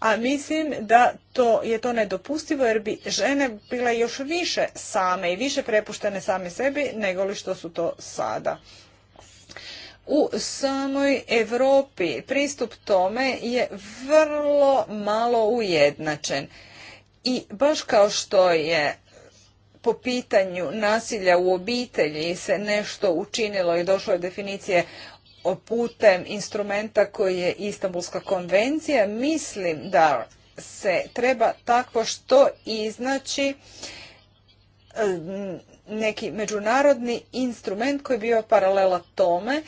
A mislim da to je to nedopustivo jer bi žene bile još više same i više prepuštene same sebi nego li što su to sada. U samoj Europi pristup tome je vrlo malo ujednačen. I baš kao što je po pitanju nasilja u obitelji se nešto učinilo i došlo je definicije putem instrumenta koji je Istanbulska konvencija, mislim da se treba tako što iznaći e, neki međunarodni instrument koji bi bio paralela tome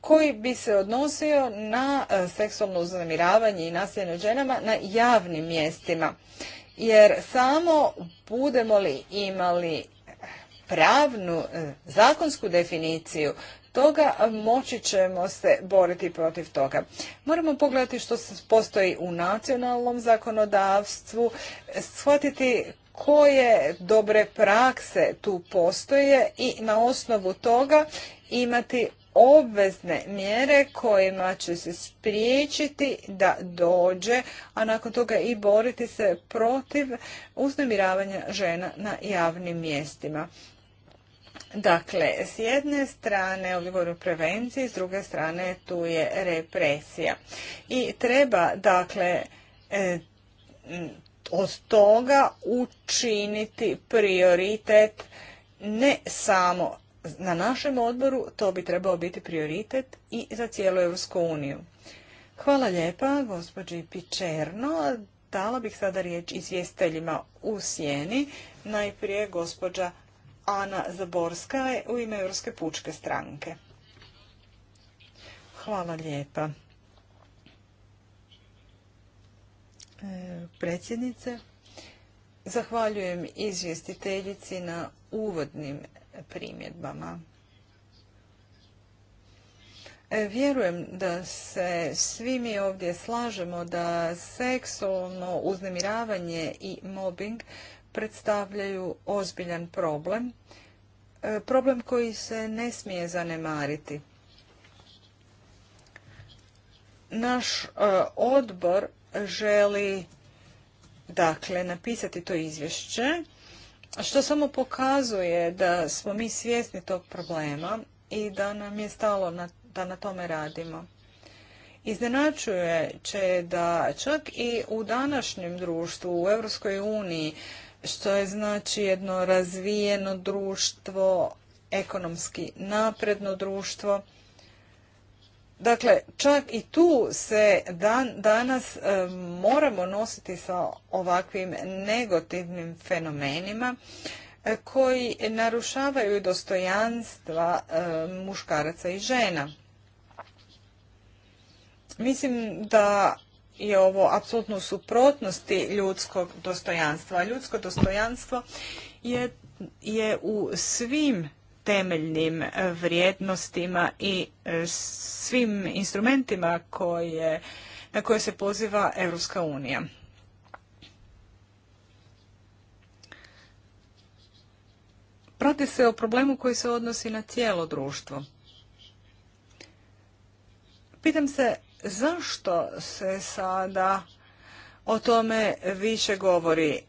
koji bi se odnosio na e, seksualno uznemiravanje i nasilje nad ženama na javnim mjestima jer samo budemo li imali pravnu, e, zakonsku definiciju toga, moći ćemo se boriti protiv toga. Moramo pogledati što postoji u nacionalnom zakonodavstvu, shvatiti koje dobre prakse tu postoje i na osnovu toga imati obvezne mjere kojima će se spriječiti da dođe, a nakon toga i boriti se protiv uznemiravanja žena na javnim mjestima. Dakle, s jedne strane ovdje govorimo prevenciji, s druge strane tu je represija. I treba, dakle, e, od toga učiniti prioritet ne samo na našem odboru to bi trebao biti prioritet i za cijelu EU. uniju. Hvala lijepa gospođi Pičerno. Dala bih sada riječ izvjestiteljima u sjeni. Najprije gospođa Ana Zaborska je u ime Europske pučke stranke. Hvala lijepa. E, predsjednice, zahvaljujem izvjestiteljici na uvodnim primjedbama. E, vjerujem da se svi mi ovdje slažemo da seksualno uznemiravanje i mobbing predstavljaju ozbiljan problem, e, problem koji se ne smije zanemariti. Naš e, odbor želi dakle napisati to izvješće što samo pokazuje da smo mi svjesni tog problema i da nam je stalo da na tome radimo. Iznenačuje će da čak i u današnjem društvu, u Europskoj uniji, što je znači jedno razvijeno društvo, ekonomski napredno društvo, Dakle, čak i tu se danas e, moramo nositi sa ovakvim negativnim fenomenima e, koji narušavaju dostojanstva e, muškaraca i žena. Mislim da je ovo apsolutno u suprotnosti ljudskog dostojanstva. Ljudsko dostojanstvo je, je u svim temeljnim vrijednostima i e, svim instrumentima koje, na koje se poziva Europska unija. Prati se o problemu koji se odnosi na cijelo društvo. Pitam se zašto se sada o tome više govori?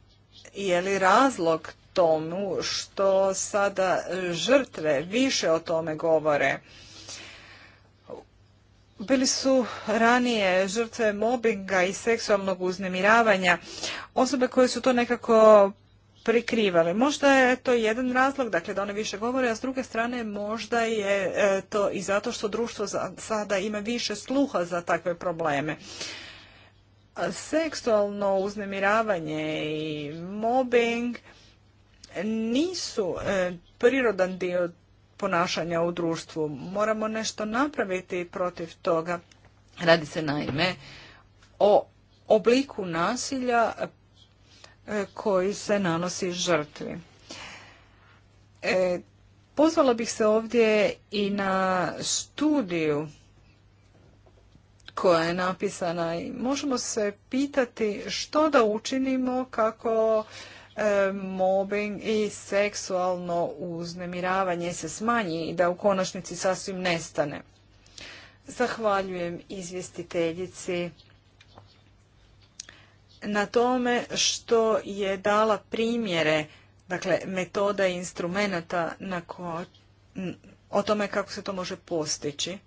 Je li razlog tomu što sada žrtve više o tome govore. Bili su ranije žrtve mobinga i seksualnog uznemiravanja, osobe koje su to nekako prikrivali. Možda je to jedan razlog, dakle da one više govore, a s druge strane možda je e, to i zato što društvo sada ima više sluha za takve probleme. Seksualno uznemiravanje i mobbing nisu e, prirodan dio ponašanja u društvu. Moramo nešto napraviti protiv toga. Radi se naime o obliku nasilja e, koji se nanosi žrtvi. E, pozvala bih se ovdje i na studiju koja je napisana i možemo se pitati što da učinimo kako E, mobbing i seksualno uznemiravanje se smanji i da u konačnici sasvim nestane. Zahvaljujem izvjestiteljici na tome što je dala primjere dakle metoda i instrumenata na o tome kako se to može postići.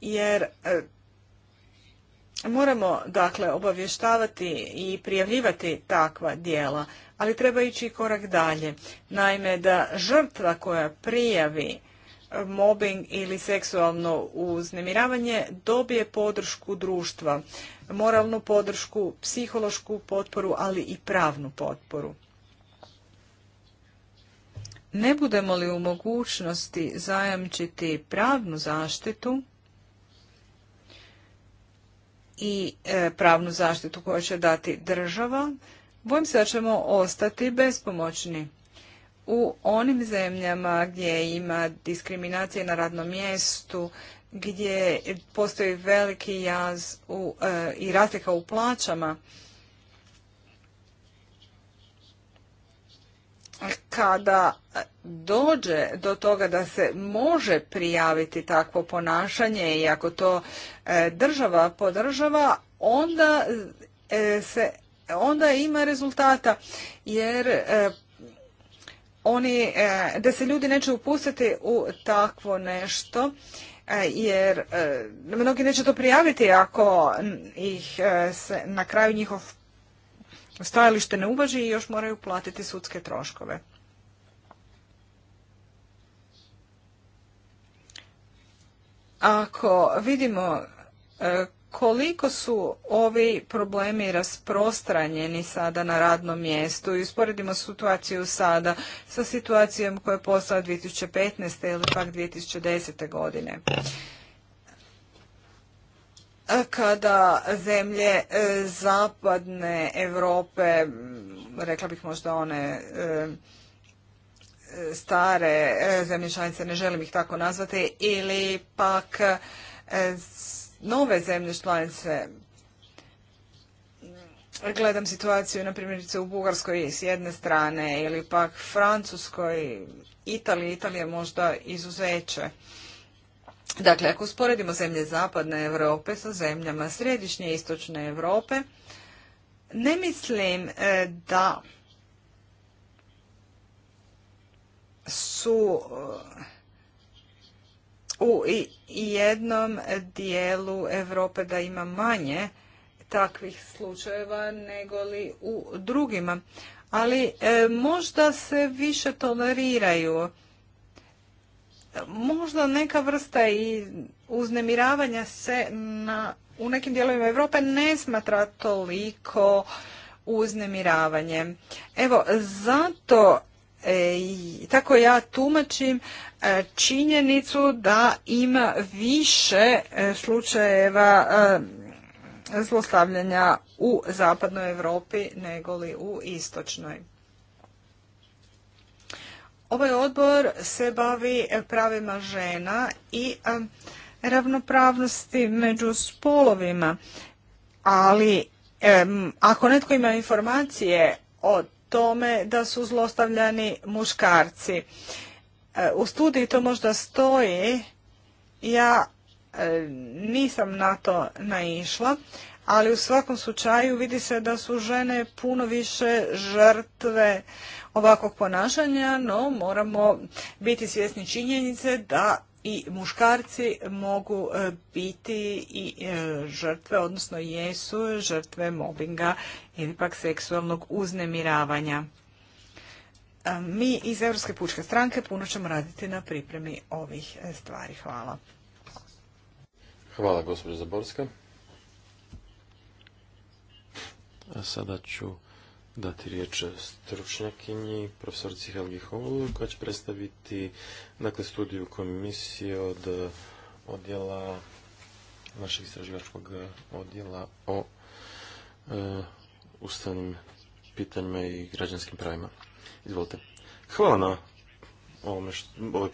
Jer e, Moramo dakle obavještavati i prijavljivati takva djela, ali treba ići korak dalje. Naime, da žrtva koja prijavi mobbing ili seksualno uznemiravanje dobije podršku društva, moralnu podršku, psihološku potporu, ali i pravnu potporu. Ne budemo li u mogućnosti zajamčiti pravnu zaštitu, i e, pravnu zaštitu koju će dati država, bojim se da ćemo ostati bespomoćni. U onim zemljama gdje ima diskriminacije na radnom mjestu, gdje postoji veliki jaz e, i razlika u plaćama, kada dođe do toga da se može prijaviti takvo ponašanje i ako to e, država podržava, onda e, se onda ima rezultata jer e, oni da se ljudi neće upustiti u takvo nešto jer mnogi neće to prijaviti ako ih se na kraju njihov stajalište ne uvaži i još moraju platiti sudske troškove. Ako vidimo e, koliko su ovi problemi rasprostranjeni sada na radnom mjestu i usporedimo situaciju sada sa situacijom koja je postala 2015. ili pak 2010. godine kada zemlje e, zapadne Europe, rekla bih možda one e, e, stare zemlje članice, ne želim ih tako nazvati, ili pak nove zemlje članice, gledam situaciju, na primjer, u Bugarskoj s jedne strane ili pak Francuskoj, Italiji, Italija možda izuzeće. Dakle, ako usporedimo zemlje zapadne Europe sa zemljama središnje i istočne Europe, ne mislim e, da su e, u jednom dijelu Europe da ima manje takvih slučajeva nego li u drugima. Ali e, možda se više toleriraju možda neka vrsta i uznemiravanja se na, u nekim dijelovima Europe ne smatra toliko uznemiravanjem. Evo, zato e, tako ja tumačim e, činjenicu da ima više e, slučajeva zlostavljanja u zapadnoj Europi nego li u istočnoj. Ovaj odbor se bavi pravima žena i ravnopravnosti među spolovima, ali ako netko ima informacije o tome da su zlostavljani muškarci, e, u studiji to možda stoji, ja e, nisam na to naišla, ali u svakom slučaju vidi se da su žene puno više žrtve ovakvog ponašanja, no moramo biti svjesni činjenice da i muškarci mogu e, biti i e, žrtve, odnosno jesu žrtve mobinga ili pak seksualnog uznemiravanja. E, mi iz Europske pučke stranke puno ćemo raditi na pripremi ovih stvari. Hvala. Hvala, gospođo Zaborska. sada ću dati riječ stručnjakinji, profesorci Helgi Holu, koja će predstaviti dakle, studiju komisije od odjela našeg istraživačkog odjela o e, ustavnim pitanjima i građanskim pravima. Izvolite. Hvala na ovome ovoj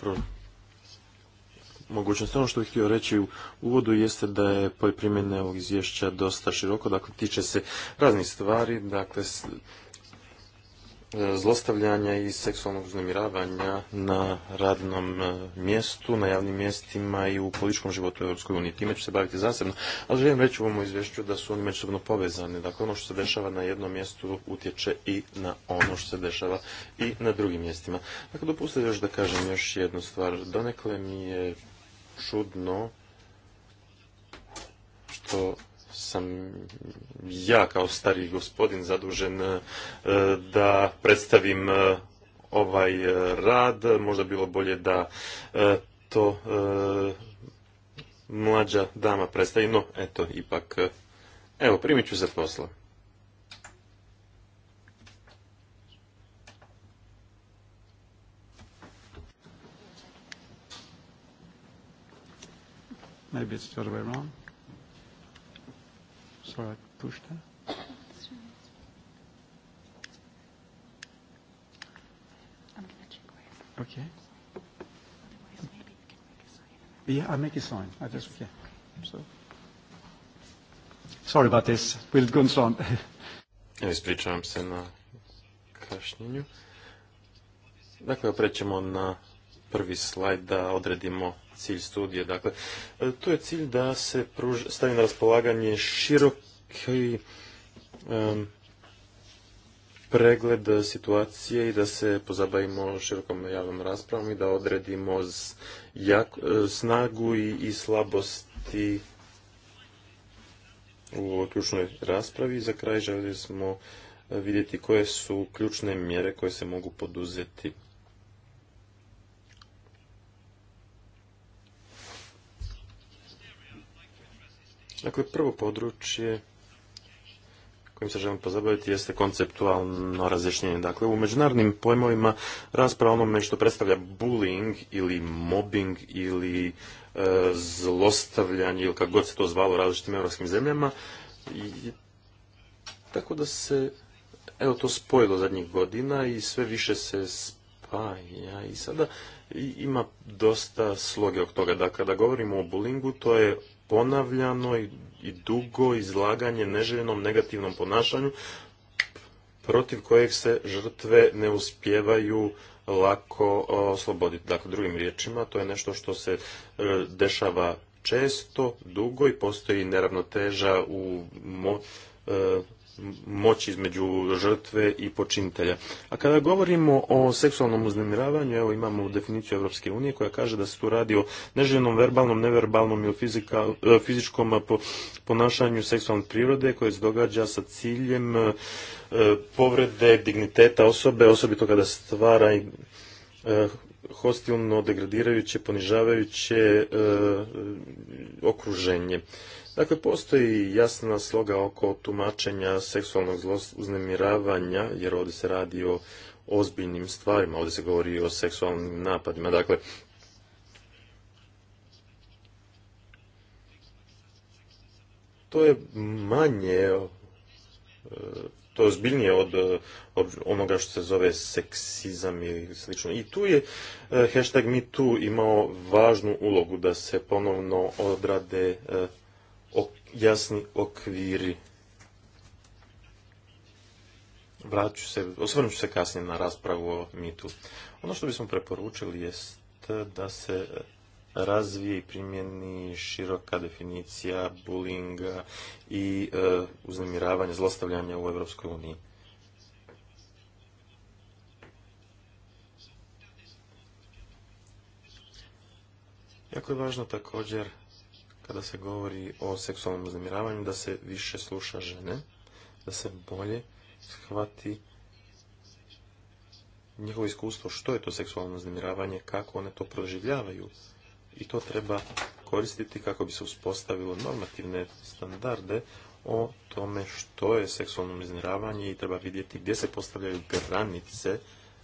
mogućnosti. Ono što bih htio reći u uvodu jeste da je polje ovog izvješća dosta široko, dakle tiče se raznih stvari, dakle zlostavljanja i seksualnog uznemiravanja na radnom e, mjestu, na javnim mjestima i u političkom životu u Europskoj uniji. Time ću se baviti zasebno, ali želim reći u ovom izvješću da su oni međusobno povezani. Dakle, ono što se dešava na jednom mjestu utječe i na ono što se dešava i na drugim mjestima. Dakle, dopustite još da kažem još jednu stvar. Donekle mi je čudno što sam ja kao stari gospodin zadužen e, da predstavim e, ovaj e, rad. Možda bilo bolje da to mlađa dama predstavi, no eto ipak. Evo, primit ću se posla. Maybe it's the other way around. Sorry, I pushed that. Okay. Otherwise, maybe Yeah, I make a sign. I just, yeah. So. Sorry about this. We'll go on. Ja ispričavam se na kašnjenju. Dakle, prećemo na prvi slajd da odredimo cilj studije. Dakle, e, to je cilj da se stavi na raspolaganje široki pregled situacije i da se pozabavimo širokom javnom raspravom i da odredimo e, snagu i, slabosti u ovoj ključnoj raspravi. Za kraj željeli smo vidjeti koje su ključne mjere koje se mogu poduzeti Dakle, prvo područje kojim se želim pozabaviti jeste konceptualno razjašnjenje. Dakle, u međunarodnim pojmovima rasprava onome što predstavlja bullying ili mobbing ili e, zlostavljanje ili kako god se to zvalo u različitim europskim zemljama. I, tako da se evo to spojilo zadnjih godina i sve više se spaja i sada ima dosta sloge od toga. Da dakle, kada govorimo o bulingu, to je ponavljano i dugo izlaganje neželjenom negativnom ponašanju protiv kojeg se žrtve ne uspijevaju lako osloboditi. Dakle, drugim riječima, to je nešto što se e, dešava često, dugo i postoji neravnoteža u mo, e, moći između žrtve i počinitelja. A kada govorimo o seksualnom uznemiravanju, evo imamo definiciju Europske unije koja kaže da se tu radi o neželjenom verbalnom, neverbalnom i e, fizičkom ponašanju seksualne prirode koje se događa sa ciljem e, povrede digniteta osobe, osobito kada stvara e, hostilno, degradirajuće, ponižavajuće okruženje. Dakle, postoji jasna sloga oko tumačenja seksualnog uznemiravanja, jer ovdje se radi o ozbiljnim stvarima, ovdje se govori o seksualnim napadima. Dakle, to je manje, e, to je ozbiljnije e, od onoga što se zove seksizam i slično. I tu je e, hashtag MeToo imao važnu ulogu da se ponovno odrade jasni okviri. Vraću se, osvrnut ću se kasnije na raspravu o mitu. Ono što bismo preporučili jest da se razvije i primjeni široka definicija bulinga i e, uznemiravanja, zlostavljanja u Europskoj uniji. Jako je važno također kada se govori o seksualnom uznemiravanju da se više sluša žene, da se bolje shvati njihovo iskustvo što je to seksualno uznemiravanje, kako one to proživljavaju. I to treba koristiti kako bi se uspostavilo normativne standarde o tome što je seksualno uznemiravanje i treba vidjeti gdje se postavljaju granice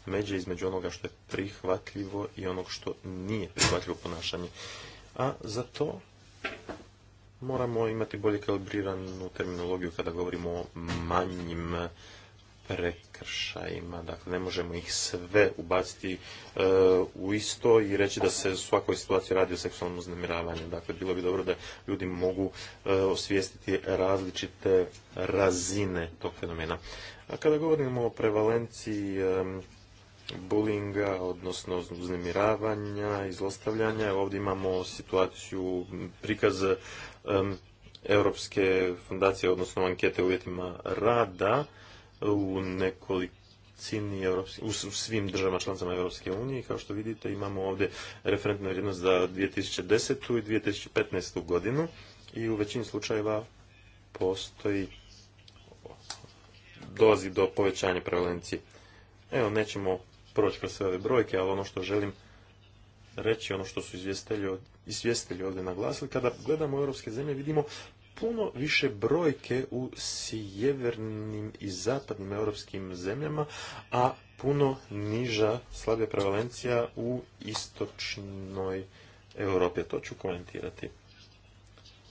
međe između onoga što je prihvatljivo i onog što nije prihvatljivo ponašanje. A za to moramo imati bolje kalibriranu terminologiju kada govorimo o manjim prekršajima. Dakle, ne možemo ih sve ubaciti e, u isto i reći da se u svakoj situaciji radi o seksualnom uznemiravanju. Dakle, bilo bi dobro da ljudi mogu e, osvijestiti različite razine tog fenomena. A kada govorimo o prevalenciji e, bulinga, odnosno uznemiravanja i zlostavljanja. Ovdje imamo situaciju, prikaz Europske fundacije, odnosno ankete u uvjetima rada u nekoliko u svim državama članicama Europske unije. Kao što vidite imamo ovdje referentnu vrijednost za 2010. i 2015. godinu i u većini slučajeva postoji dolazi do povećanja prevalencije. Evo, nećemo proći kroz sve ove brojke, ali ono što želim reći, ono što su izvjestitelji ovdje naglasili, kada gledamo europske zemlje vidimo puno više brojke u sjevernim i zapadnim europskim zemljama, a puno niža slabe prevalencija u istočnoj Europi. To ću komentirati.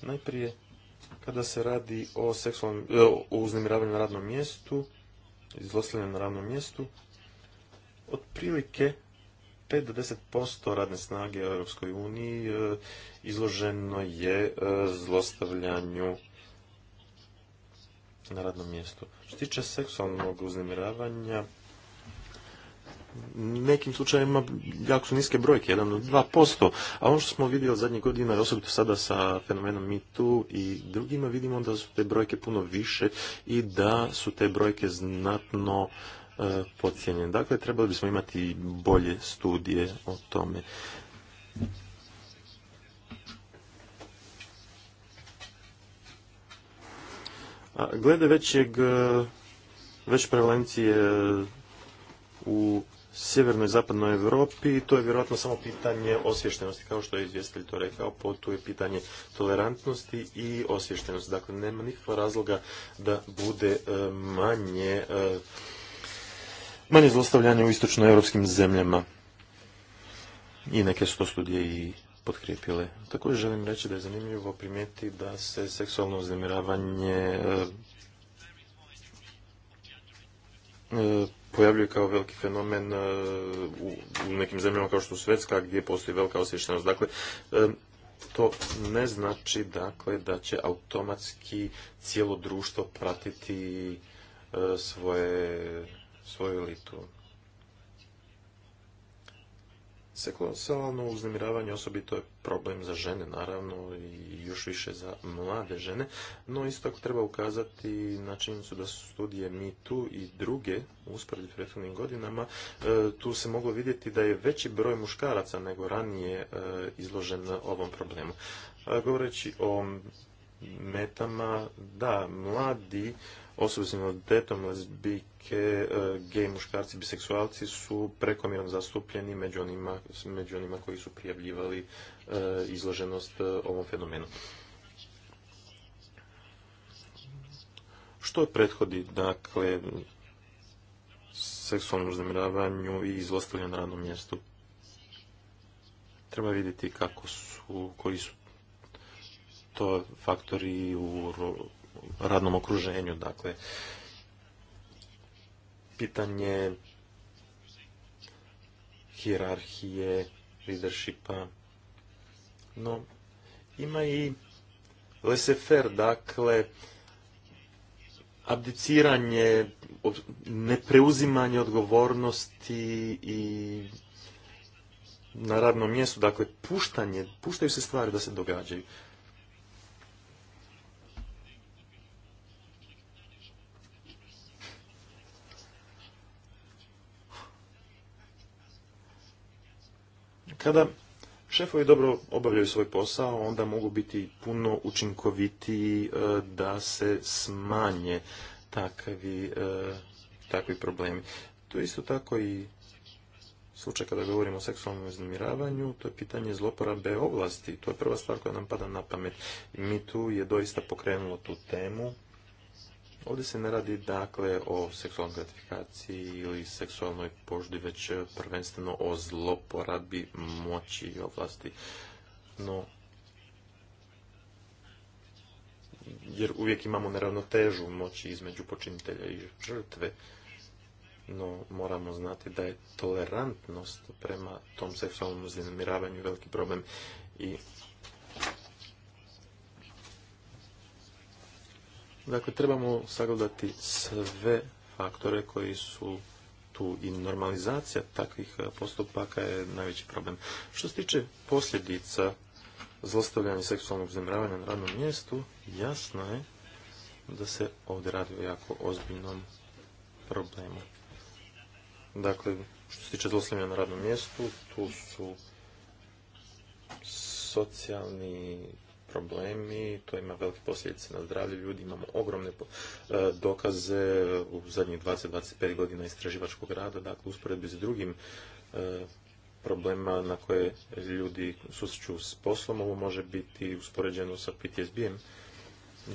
Najprije, kada se radi o, seksualnom, e, o uznemiravanju na radnom mjestu, izlostavljanju na radnom mjestu, otprilike 5 do 10% radne snage u Europskoj uniji e, izloženo je e, zlostavljanju na radnom mjestu. Što se tiče seksualnog uznemiravanja, nekim slučajevima jako su niske brojke, 1 do 2%, a ono što smo vidjeli zadnjih godina, osobito sada sa fenomenom MeToo i drugima, vidimo da su te brojke puno više i da su te brojke znatno E, podcijenjen. Dakle, trebali bismo imati bolje studije o tome. glede većeg, e, već prevalencije u sjevernoj i zapadnoj Europi, to je vjerojatno samo pitanje osvještenosti, kao što je izvjestitelj to rekao, po tu je pitanje tolerantnosti i osvještenosti. Dakle, nema nikakva razloga da bude e, manje manje zlostavljanje u istočnoevropskim zemljama. I neke su to studije i potkrijepile. Također želim reći da je zanimljivo primijetiti da se seksualno uznemiravanje e, e, pojavljuje kao veliki fenomen e, u nekim zemljama kao što je Švedska gdje postoji velika osjećanost. Dakle, to ne znači dakle da će automatski cijelo društvo pratiti svoje svoju elitu. Seksualno uznemiravanje osobito je problem za žene, naravno, i još više za mlade žene, no isto tako treba ukazati na činjenicu da su studije tu i druge, usporedi prethodnim godinama, e, tu se moglo vidjeti da je veći broj muškaraca nego ranije e, izložen ovom problemu. E, govoreći o metama, da, mladi osobe s invaliditetom, lezbijke, e, gej muškarci, biseksualci su prekomjerno zastupljeni među onima, među onima koji su prijavljivali e, izloženost e, ovom fenomenu. Što prethodi, dakle, seksualnom uznemiravanju i izlostavljanju na radnom mjestu? Treba vidjeti kako su, koji su to faktori u radnom okruženju. Dakle, pitanje hijerarhije, leadershipa. No, ima i laissez dakle, abdiciranje, nepreuzimanje odgovornosti i na radnom mjestu, dakle, puštanje, puštaju se stvari da se događaju. Kada šefovi dobro obavljaju svoj posao, onda mogu biti puno učinkovitiji e, da se smanje takvi, e, takvi problemi. To je isto tako i slučaj kada govorimo o seksualnom iznimiravanju, to je pitanje zloporabe ovlasti. To je prva stvar koja nam pada na pamet. Mi tu je doista pokrenulo tu temu Ovdje se ne radi dakle o seksualnoj gratifikaciji ili seksualnoj poždi, već prvenstveno o zloporabi moći i ovlasti. No, jer uvijek imamo neravnotežu moći između počinitelja i žrtve. No, moramo znati da je tolerantnost prema tom seksualnom uznemiravanju veliki problem i Dakle, trebamo sagledati sve faktore koji su tu i normalizacija takvih e, postupaka je najveći problem. Što se tiče posljedica zlostavljanja seksualnog uznemiravanja na radnom mjestu, jasno je da se ovdje radi o jako ozbiljnom problemu. Dakle, što se tiče zlostavljanja na radnom mjestu, tu su socijalni problemi, to ima velike posljedice na zdravlje ljudi, imamo ogromne e, dokaze u zadnjih 20-25 godina istraživačkog rada, dakle usporedbi s drugim e, problema na koje ljudi susreću s poslom, ovo može biti uspoređeno sa ptsd em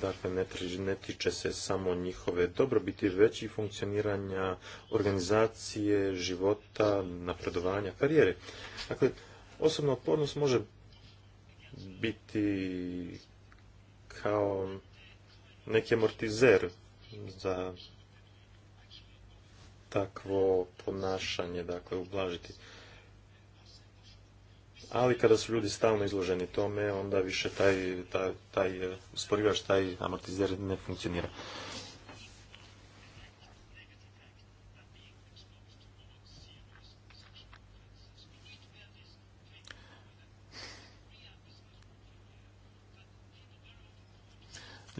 dakle ne tiče se samo njihove dobrobiti, već i funkcioniranja organizacije, života, napredovanja, karijere. Dakle, osobna otpornost može biti kao neki amortizer za takvo ponašanje, dakle, ublažiti. Ali kada su ljudi stalno izloženi tome, onda više taj, taj, taj taj amortizer ne funkcionira.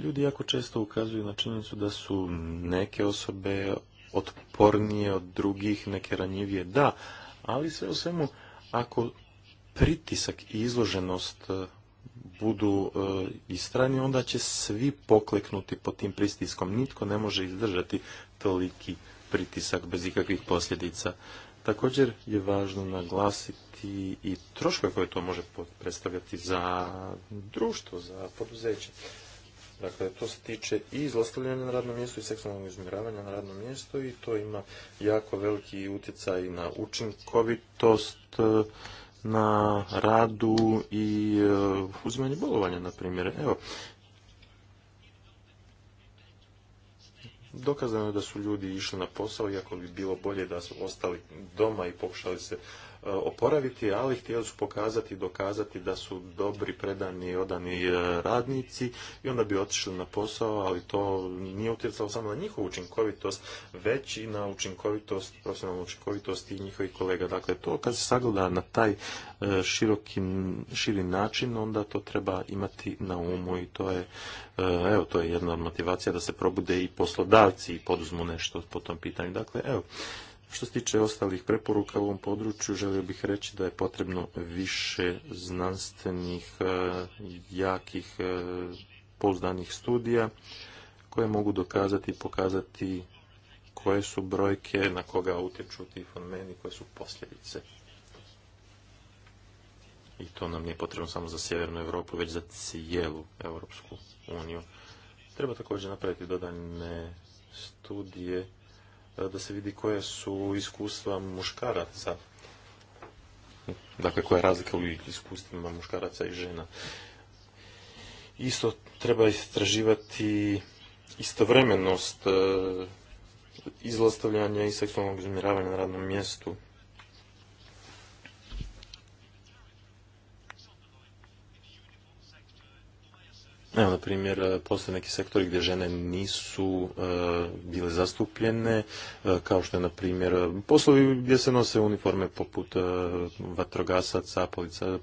Ljudi jako često ukazuju na činjenicu da su neke osobe otpornije od drugih, neke ranjivije, da, ali sve u svemu, ako pritisak i izloženost e, budu e, istrani, onda će svi pokleknuti pod tim pristiskom. Nitko ne može izdržati toliki pritisak bez ikakvih posljedica. Također je važno naglasiti i troškove koje to može predstavljati za društvo, za poduzeće. Dakle, to se tiče i zlostavljanja na radnom mjestu i seksualnog izmiravanja na radnom mjestu i to ima jako veliki utjecaj na učinkovitost e, na radu i e, uzimanje bolovanja, na primjer. Evo, dokazano je da su ljudi išli na posao, iako bi bilo bolje da su ostali doma i pokušali se oporaviti, ali htjeli su pokazati i dokazati da su dobri, predani i odani e, radnici i onda bi otišli na posao, ali to nije utjecalo samo na njihovu učinkovitost, već i na učinkovitost, profesionalnu učinkovitost i njihovih kolega. Dakle, to kad se sagleda na taj e, široki, širi način, onda to treba imati na umu i to je, e, evo, to je jedna od motivacija da se probude i poslodavci i poduzmu nešto po tom pitanju. Dakle, evo, što se tiče ostalih preporuka u ovom području, želio bih reći da je potrebno više znanstvenih, e, jakih, e, pouzdanih studija koje mogu dokazati i pokazati koje su brojke, na koga utječu ti fenomeni, koje su posljedice. I to nam nije potrebno samo za Sjevernu Europu, već za cijelu Europsku uniju. Treba također napraviti dodane studije E, da se vidi koje su iskustva muškaraca, dakle koja je razlika u iskustvima muškaraca i žena. Isto treba istraživati istovremenost e, izlastavljanja i seksualnog uznemiravanja na radnom mjestu. Evo, na primjer, e, postoje neki sektori gdje žene nisu e, bile zastupljene, e, kao što je, na primjer, poslovi gdje se nose uniforme poput vatrogasaca,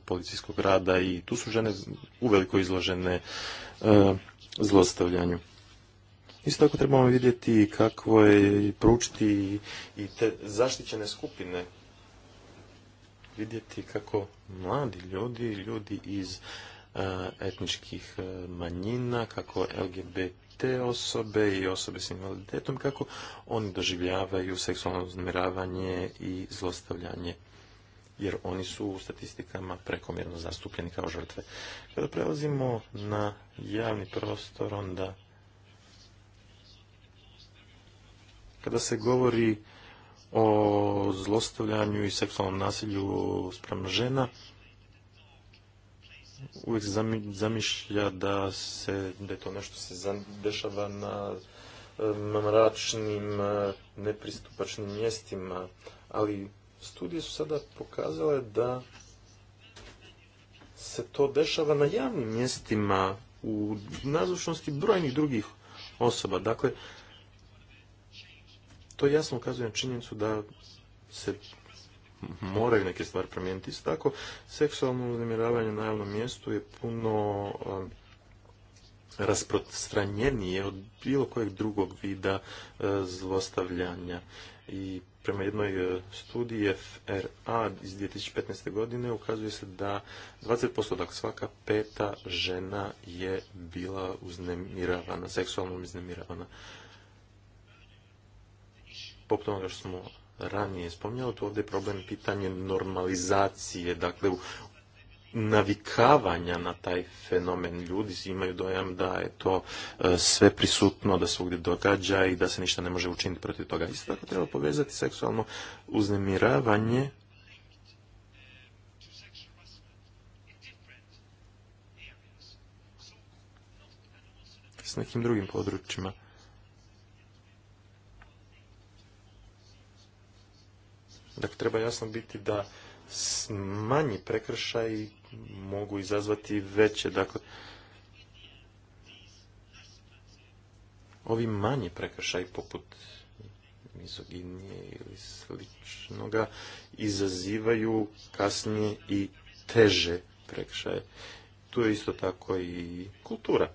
policijskog rada i tu su žene uveliko izložene zlostavljanju. Isto tako trebamo vidjeti kako je proučiti i te zaštićene skupine, vidjeti kako mladi ljudi, ljudi iz E, etničkih e, manjina, kako LGBT osobe i osobe s invaliditetom, kako oni doživljavaju seksualno uznemiravanje i zlostavljanje jer oni su u statistikama prekomjerno zastupljeni kao žrtve. Kada prelazimo na javni prostor, onda kada se govori o zlostavljanju i seksualnom nasilju spram žena, uvijek zamišlja da se, da je to nešto se dešava na mračnim, e, nepristupačnim mjestima, ali studije su sada pokazale da se to dešava na javnim mjestima u nazočnosti brojnih drugih osoba. Dakle, to jasno ukazuje na činjenicu da se moraju neke stvari promijeniti. Isto tako, seksualno uznemiravanje na javnom mjestu je puno um, rasprostranjenije od bilo kojeg drugog vida uh, zlostavljanja. I prema jednoj uh, studiji FRA iz 2015. godine ukazuje se da 20%, dakle svaka peta žena je bila uznemiravana, seksualno uznemiravana. Poput onoga što smo ranije spominjalo, tu ovdje je problem pitanje normalizacije, dakle navikavanja na taj fenomen. Ljudi imaju dojam da je to e, sve prisutno, da se ovdje događa i da se ništa ne može učiniti protiv toga. Isto tako treba povezati seksualno uznemiravanje s nekim drugim područjima. Dakle, treba jasno biti da manji prekršaj mogu izazvati veće. Dakle, ovi manji prekršaj poput mizoginije ili sličnoga izazivaju kasnije i teže prekršaje. Tu je isto tako i kultura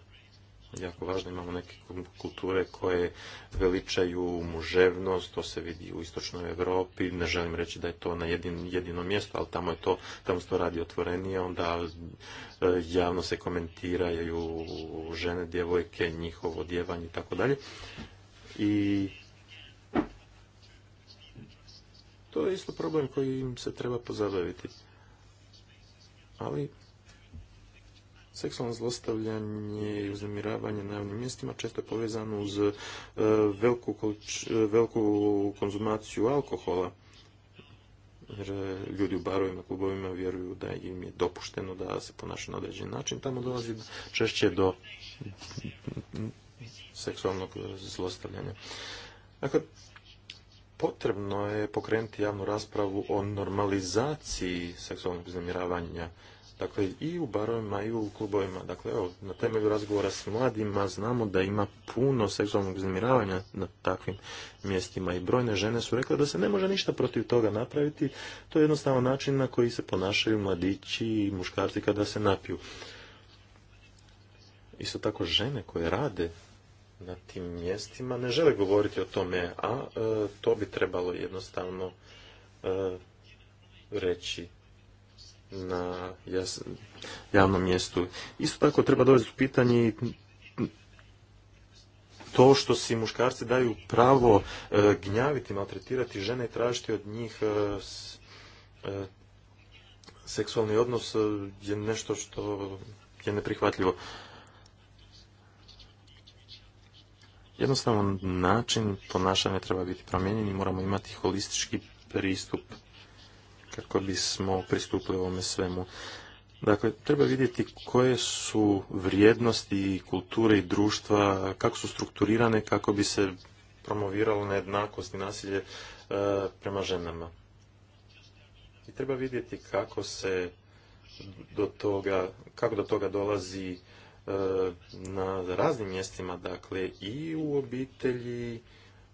jako važno. Imamo neke kulture koje veličaju muževnost, to se vidi u istočnoj Europi. Ne želim reći da je to na jedin, jedino mjesto, ali tamo je to, tamo se to radi otvorenije, onda e, javno se komentiraju žene, djevojke, njihovo djevanje i tako dalje. I to je isto problem im se treba pozabaviti. Ali Seksualno zlostavljanje i uznemiravanje na javnim mjestima često je povezano uz e, e, veliku, konzumaciju alkohola. Jer e, ljudi u barovima, klubovima vjeruju da im je dopušteno da se ponaša na određen način. Tamo dolazi češće do seksualnog zlostavljanja. Dakle, potrebno je pokrenuti javnu raspravu o normalizaciji seksualnog uznemiravanja dakle i u barovima i u klubovima. Dakle, evo, na temelju razgovora s mladima znamo da ima puno seksualnog uznemiravanja na takvim mjestima i brojne žene su rekle da se ne može ništa protiv toga napraviti. To je jednostavno način na koji se ponašaju mladići i muškarci kada se napiju. Isto tako žene koje rade na tim mjestima ne žele govoriti o tome, a e, to bi trebalo jednostavno e, reći na javnom mjestu. Isto tako treba dovesti u pitanje to što si muškarci daju pravo e, gnjaviti, maltretirati žene i tražiti od njih e, e, seksualni odnos je nešto što je neprihvatljivo. Jednostavno način ponašanja treba biti promijenjen i moramo imati holistički pristup kako bismo pristupili ovome svemu. Dakle, treba vidjeti koje su vrijednosti kulture i društva, kako su strukturirane, kako bi se promoviralo nejednakost i nasilje e, prema ženama. I treba vidjeti kako se do toga, kako do toga dolazi e, na raznim mjestima, dakle i u obitelji,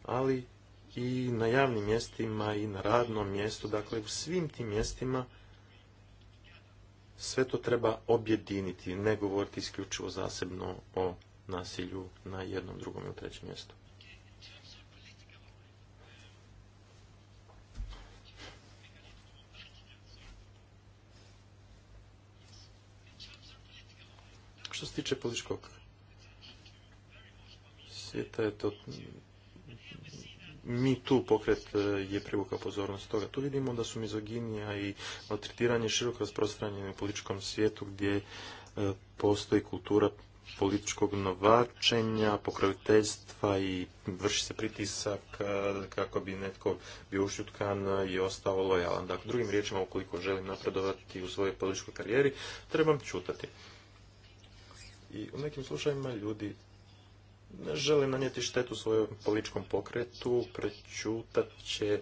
ali i na javnim mjestima i na radnom mjestu, dakle u svim tim mjestima sve to treba objediniti, ne govoriti isključivo zasebno o nasilju na jednom, drugom ili trećem mjestu. Što se tiče političkog svijeta, je to mi tu pokret e, je privukao pozornost toga. Tu vidimo da su mizoginija i maltretiranje široko rasprostranjene u političkom svijetu gdje e, postoji kultura političkog novačenja, pokroviteljstva i vrši se pritisak e, kako bi netko bio ušutkan i ostao lojalan. Dakle, drugim riječima, ukoliko želim napredovati u svojoj političkoj karijeri, trebam čutati. I u nekim slučajevima ljudi ne žele nanijeti štetu svojom političkom pokretu, prečutat će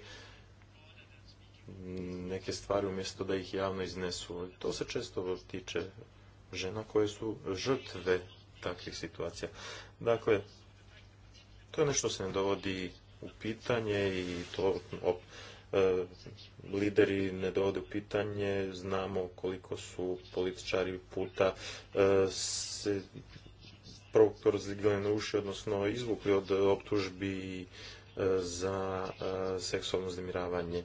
neke stvari umjesto da ih javno iznesu. To se često tiče žena koje su žrtve takvih situacija. Dakle, to je nešto se ne dovodi u pitanje i to e, lideri ne dovode u pitanje. Znamo koliko su političari puta e, se provoktor na uši, odnosno izvukli od optužbi e, za e, seksualno uznemiravanje.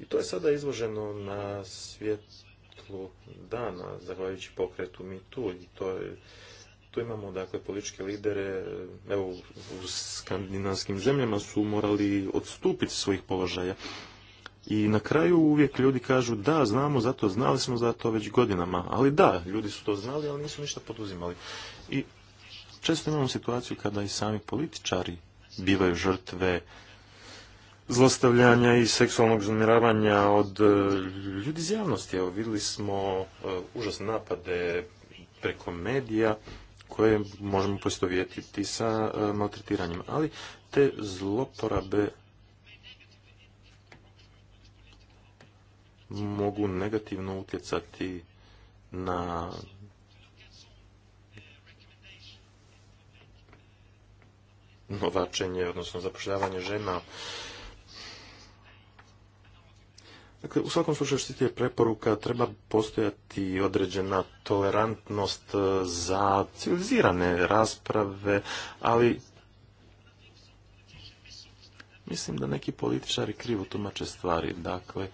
I to je sada izloženo na svjetlu dana, zahvaljujući pokretu tu. I to je, tu imamo dakle političke lidere, evo u skandinavskim zemljama su morali odstupiti svojih položaja. I na kraju uvijek ljudi kažu da, znamo zato, znali smo to već godinama. Ali da, ljudi su to znali, ali nisu ništa poduzimali. I Često imamo situaciju kada i sami političari bivaju žrtve zlostavljanja i seksualnog uznemiravanja od e, ljudi iz javnosti. Evo, vidjeli smo e, užasne napade preko medija koje možemo postovjetiti sa e, maltretiranjem. Ali te zloporabe mogu negativno utjecati na novačenje, odnosno zapošljavanje žena. Dakle, u svakom slučaju što je preporuka, treba postojati određena tolerantnost e, za civilizirane rasprave, ali mislim da neki političari krivo tumače stvari. Dakle,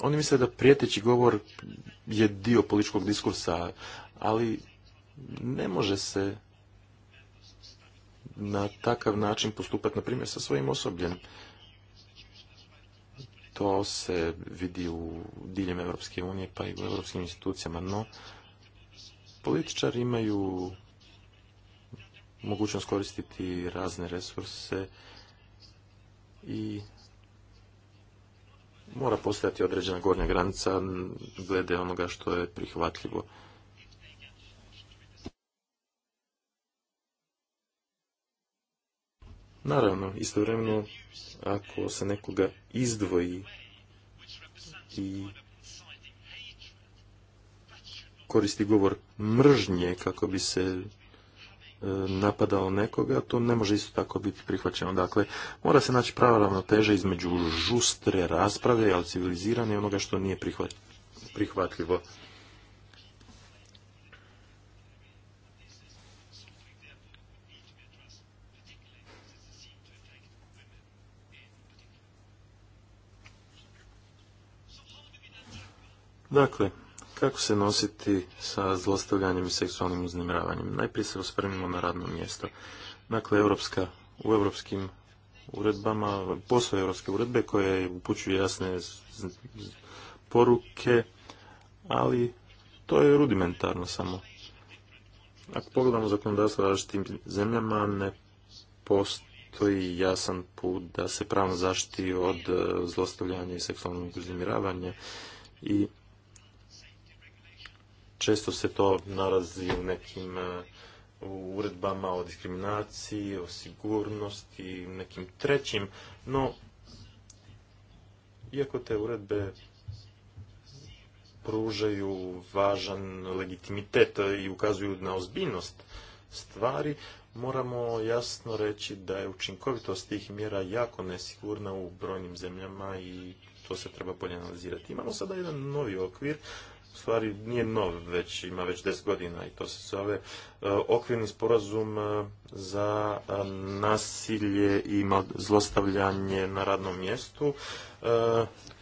oni misle da prijeteći govor je dio političkog diskursa, ali ne može se na takav način postupati, na primjer, sa svojim osobljem. To se vidi u diljem Evropske unije, pa i u evropskim institucijama, no političari imaju mogućnost koristiti razne resurse i mora postojati određena gornja granica glede onoga što je prihvatljivo. Naravno, istovremeno, ako se nekoga izdvoji i koristi govor mržnje kako bi se e, napadao nekoga, to ne može isto tako biti prihvaćeno. Dakle, mora se naći prava ravnoteža između žustre rasprave, ali civilizirane i onoga što nije prihvatljivo. Dakle, kako se nositi sa zlostavljanjem i seksualnim uznemiravanjem? Najprije se osvrnimo na radno mjesto. Dakle, Europska, u europskim uredbama, posao europske uredbe koje upućuju jasne poruke, ali to je rudimentarno samo. Ako pogledamo zakonodavstvo različitim zemljama, ne postoji jasan put da se pravno zaštiti od e, zlostavljanja i seksualnog uznemiravanja i Često se to narazi u nekim e, uredbama o diskriminaciji, o sigurnosti, nekim trećim, no iako te uredbe pružaju važan legitimitet i ukazuju na ozbiljnost stvari, moramo jasno reći da je učinkovitost tih mjera jako nesigurna u brojnim zemljama i to se treba bolje analizirati. Imamo sada jedan novi okvir stvari nije nov, već ima već 10 godina i to se zove e, okvirni sporazum e, za e, nasilje i zlostavljanje na radnom mjestu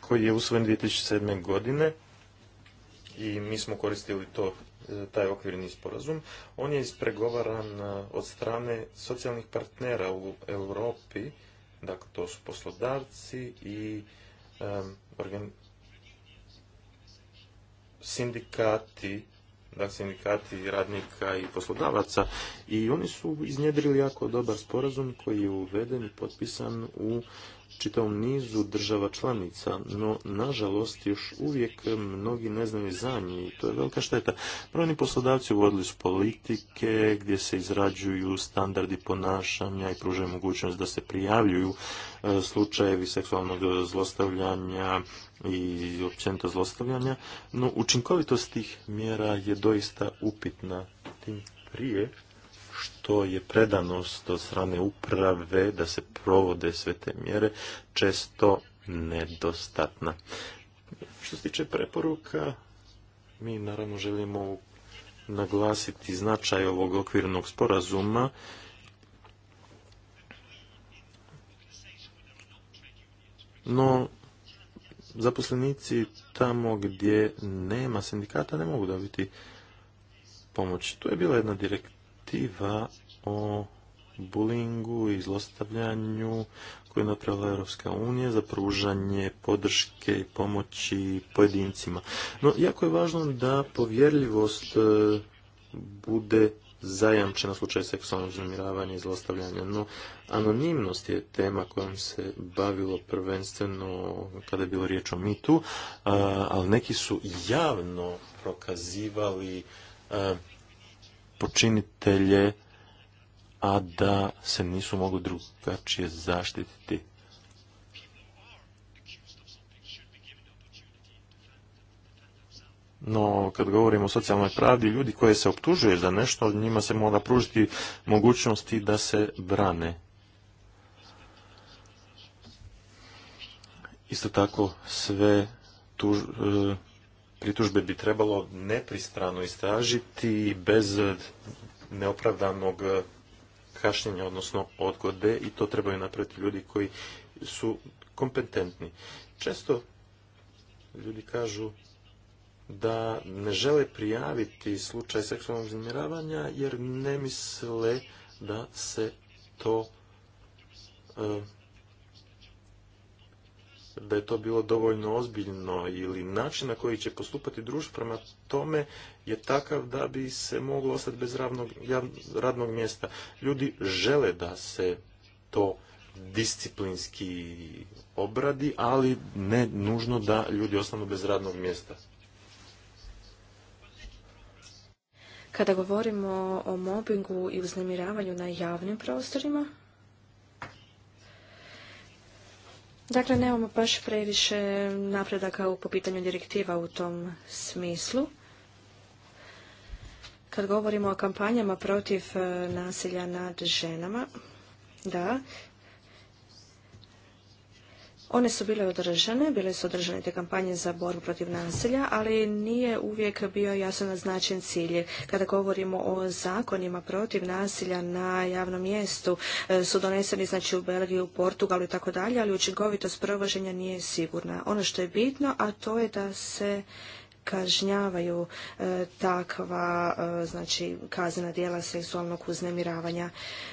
koji je usvojen 2007. godine i mi smo koristili to taj okvirni sporazum. On je ispregovaran od strane socijalnih partnera u Europi, dakle to su poslodavci i sindikati da sindikati radnika i poslodavaca i oni su iznjedrili jako dobar sporazum koji je uveden i potpisan u čitavom nizu država članica, no nažalost još uvijek mnogi ne znaju za njih. i to je velika šteta. Brojni poslodavci uvodili su politike gdje se izrađuju standardi ponašanja i pružaju mogućnost da se prijavljuju e, slučajevi seksualnog zlostavljanja, i općenito zlostavljanja, no učinkovitost tih mjera je doista upitna tim prije što je predanost od strane uprave da se provode sve te mjere često nedostatna. Što se tiče preporuka, mi naravno želimo naglasiti značaj ovog okvirnog sporazuma no zaposlenici tamo gdje nema sindikata ne mogu dobiti pomoć. To je bila jedna direktiva o bulingu i zlostavljanju koju je napravila Europska unija za pružanje podrške i pomoći pojedincima. No, jako je važno da povjerljivost e, bude zajamčena slučaj seksualnog uznemiravanja i zlostavljanja. No, anonimnost je tema kojom se bavilo prvenstveno kada je bilo riječ o mitu, ali neki su javno prokazivali počinitelje, a da se nisu mogli drugačije zaštititi. No, kad govorimo o socijalnoj pravdi, ljudi koje se optužuje za nešto, njima se mora pružiti mogućnosti da se brane. Isto tako, sve tuž, e, pritužbe bi trebalo nepristrano istražiti bez neopravdanog kašnjenja, odnosno odgode i to trebaju napraviti ljudi koji su kompetentni. Često ljudi kažu da ne žele prijaviti slučaj seksualnog uznemiravanja jer ne misle da se to e, da je to bilo dovoljno ozbiljno ili način na koji će postupati društvo prema tome je takav da bi se moglo ostati bez radnog mjesta. Ljudi žele da se to disciplinski obradi, ali ne nužno da ljudi ostanu bez radnog mjesta. Kada govorimo o mobingu i uznemiravanju na javnim prostorima, Dakle, nemamo baš previše napredaka u, popitanju direktiva u tom smislu. Kad govorimo o kampanjama protiv eh, nasilja nad ženama, da, one su bile održane, bile su održane te kampanje za borbu protiv nasilja, ali nije uvijek bio jasno naznačen cilj. Kada govorimo o zakonima protiv nasilja na javnom mjestu, e, su doneseni znači u Belgiju, Portugalu i tako dalje, ali učinkovitost provođenja nije sigurna. Ono što je bitno, a to je da se kažnjavaju e, takva e, znači kaznena djela seksualnog uznemiravanja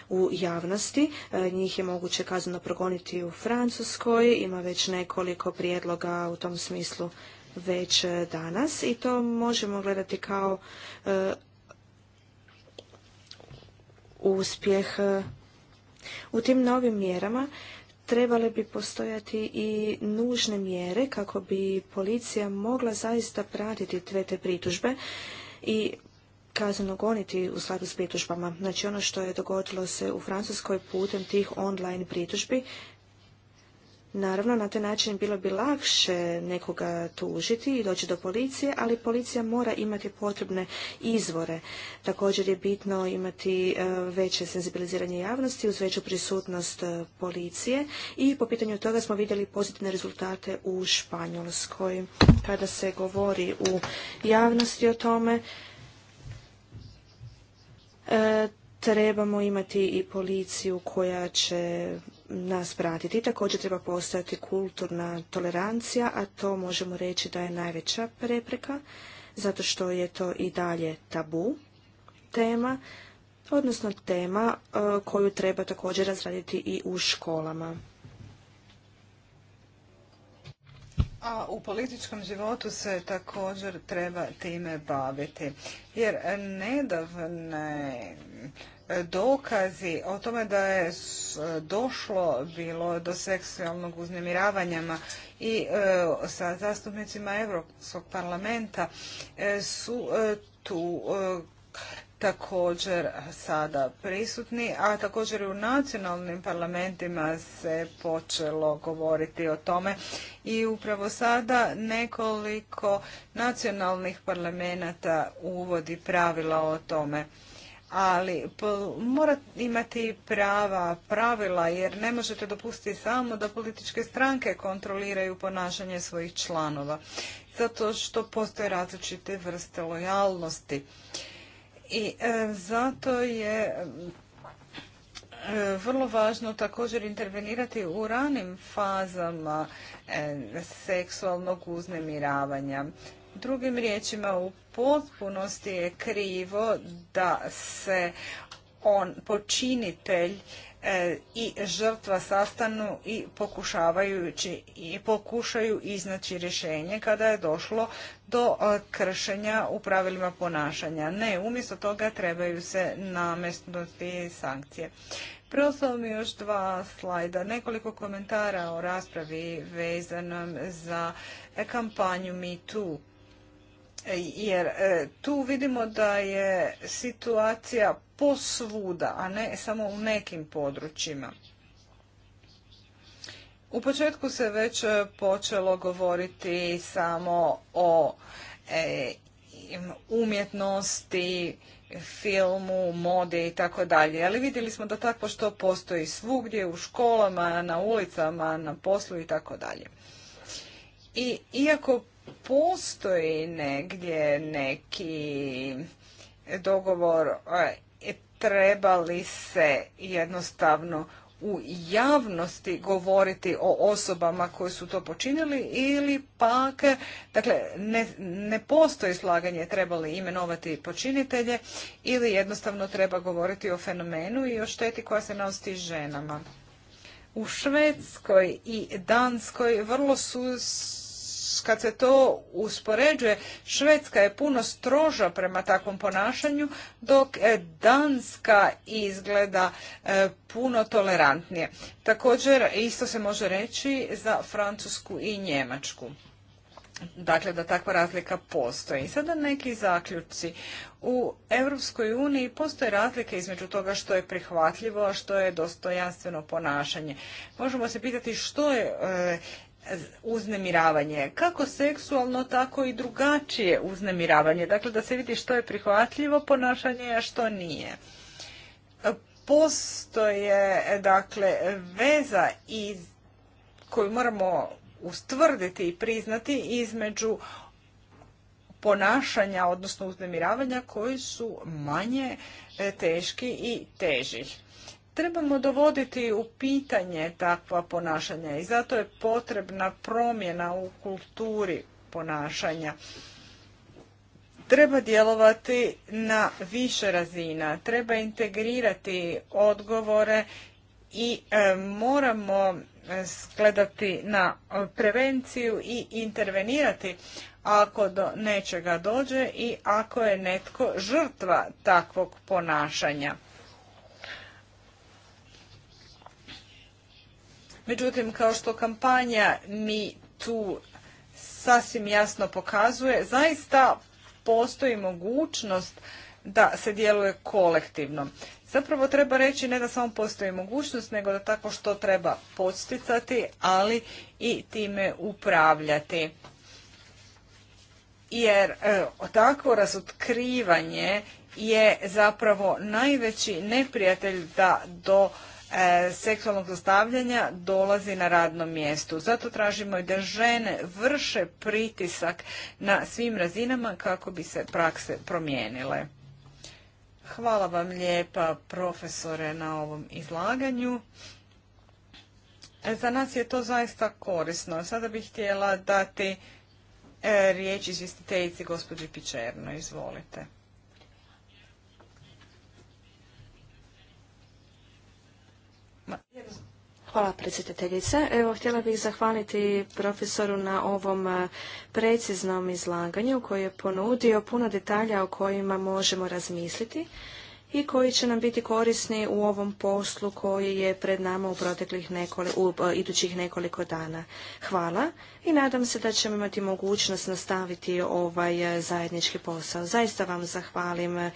u javnosti. E, njih je moguće kazneno progoniti u Francuskoj, ima već nekoliko prijedloga u tom smislu već danas i to možemo gledati kao uspjeh u tim novim mjerama trebale bi postojati i nužne mjere kako bi policija mogla zaista pratiti sve te pritužbe i kazneno goniti u skladu s pritužbama. Znači ono što je dogodilo se u Francuskoj putem tih online pritužbi Naravno, na taj način bilo bi lakše nekoga tužiti i doći do policije, ali policija mora imati potrebne izvore. Također je bitno imati e, veće senzibiliziranje javnosti uz veću prisutnost e, policije i po pitanju toga smo vidjeli pozitivne rezultate u Španjolskoj. Kada se govori u javnosti o tome, e, trebamo imati i policiju koja će nas pratiti. Također treba postojati kulturna tolerancija, a to možemo reći da je najveća prepreka, zato što je to i dalje tabu tema, odnosno tema e, koju treba također razraditi i u školama. A u političkom životu se također treba time baviti. Jer nedavne dokazi o tome da je došlo bilo do seksualnog uznemiravanja i e, sa zastupnicima Europskog parlamenta e, su e, tu također sada prisutni, a također i u nacionalnim parlamentima se počelo govoriti o tome i upravo sada nekoliko nacionalnih parlamenta uvodi pravila o tome ali mora imati prava, pravila, jer ne možete dopustiti samo da političke stranke kontroliraju ponašanje svojih članova, zato što postoje različite vrste lojalnosti. I e, zato je e, vrlo važno također intervenirati u ranim fazama e, seksualnog uznemiravanja. Drugim riječima, u potpunosti je krivo da se on počinitelj e, i žrtva sastanu i pokušavajući i pokušaju iznaći rješenje kada je došlo do e, kršenja u pravilima ponašanja. Ne, umjesto toga trebaju se namestnuti sankcije. Preostalo mi još dva slajda, nekoliko komentara o raspravi vezanom za kampanju MeToo jer e, tu vidimo da je situacija posvuda, a ne samo u nekim područjima. U početku se već e, počelo govoriti samo o e, umjetnosti, filmu, mode i tako dalje. Ali vidjeli smo da tako što postoji svugdje, u školama, na ulicama, na poslu i tako dalje. I iako postoji negdje neki dogovor e, treba li se jednostavno u javnosti govoriti o osobama koje su to počinili ili pak, dakle, ne, ne postoji slaganje treba li imenovati počinitelje ili jednostavno treba govoriti o fenomenu i o šteti koja se naosti ženama. U Švedskoj i Danskoj vrlo su kad se to uspoređuje, Švedska je puno stroža prema takvom ponašanju, dok e, Danska izgleda e, puno tolerantnije. Također, isto se može reći za Francusku i Njemačku. Dakle, da takva razlika postoji. Sada neki zaključci. U Europskoj uniji postoje razlike između toga što je prihvatljivo, a što je dostojanstveno ponašanje. Možemo se pitati što je e, uznemiravanje, kako seksualno, tako i drugačije uznemiravanje. Dakle, da se vidi što je prihvatljivo ponašanje, a što nije. Postoje, dakle, veza iz, koju moramo ustvrditi i priznati između ponašanja, odnosno uznemiravanja koji su manje e, teški i težih trebamo dovoditi u pitanje takva ponašanja i zato je potrebna promjena u kulturi ponašanja. Treba djelovati na više razina, treba integrirati odgovore i e, moramo gledati na prevenciju i intervenirati ako do nečega dođe i ako je netko žrtva takvog ponašanja. Međutim, kao što kampanja mi tu sasvim jasno pokazuje, zaista postoji mogućnost da se djeluje kolektivno. Zapravo treba reći ne da samo postoji mogućnost, nego da tako što treba posticati, ali i time upravljati. Jer e, takvo razotkrivanje je zapravo najveći neprijatelj da do E, seksualnog zlostavljanja dolazi na radnom mjestu. Zato tražimo i da žene vrše pritisak na svim razinama kako bi se prakse promijenile. Hvala vam lijepa profesore na ovom izlaganju. E, za nas je to zaista korisno. Sada bih htjela dati e, riječ izvjestiteljici gospođi Pičerno. Izvolite. Hvala predsjedateljice. Evo, htjela bih zahvaliti profesoru na ovom e, preciznom izlaganju koji je ponudio puno detalja o kojima možemo razmisliti i koji će nam biti korisni u ovom poslu koji je pred nama u proteklih nekoliko, u e, idućih nekoliko dana. Hvala i nadam se da ćemo imati mogućnost nastaviti ovaj e, zajednički posao. Zaista vam zahvalim e,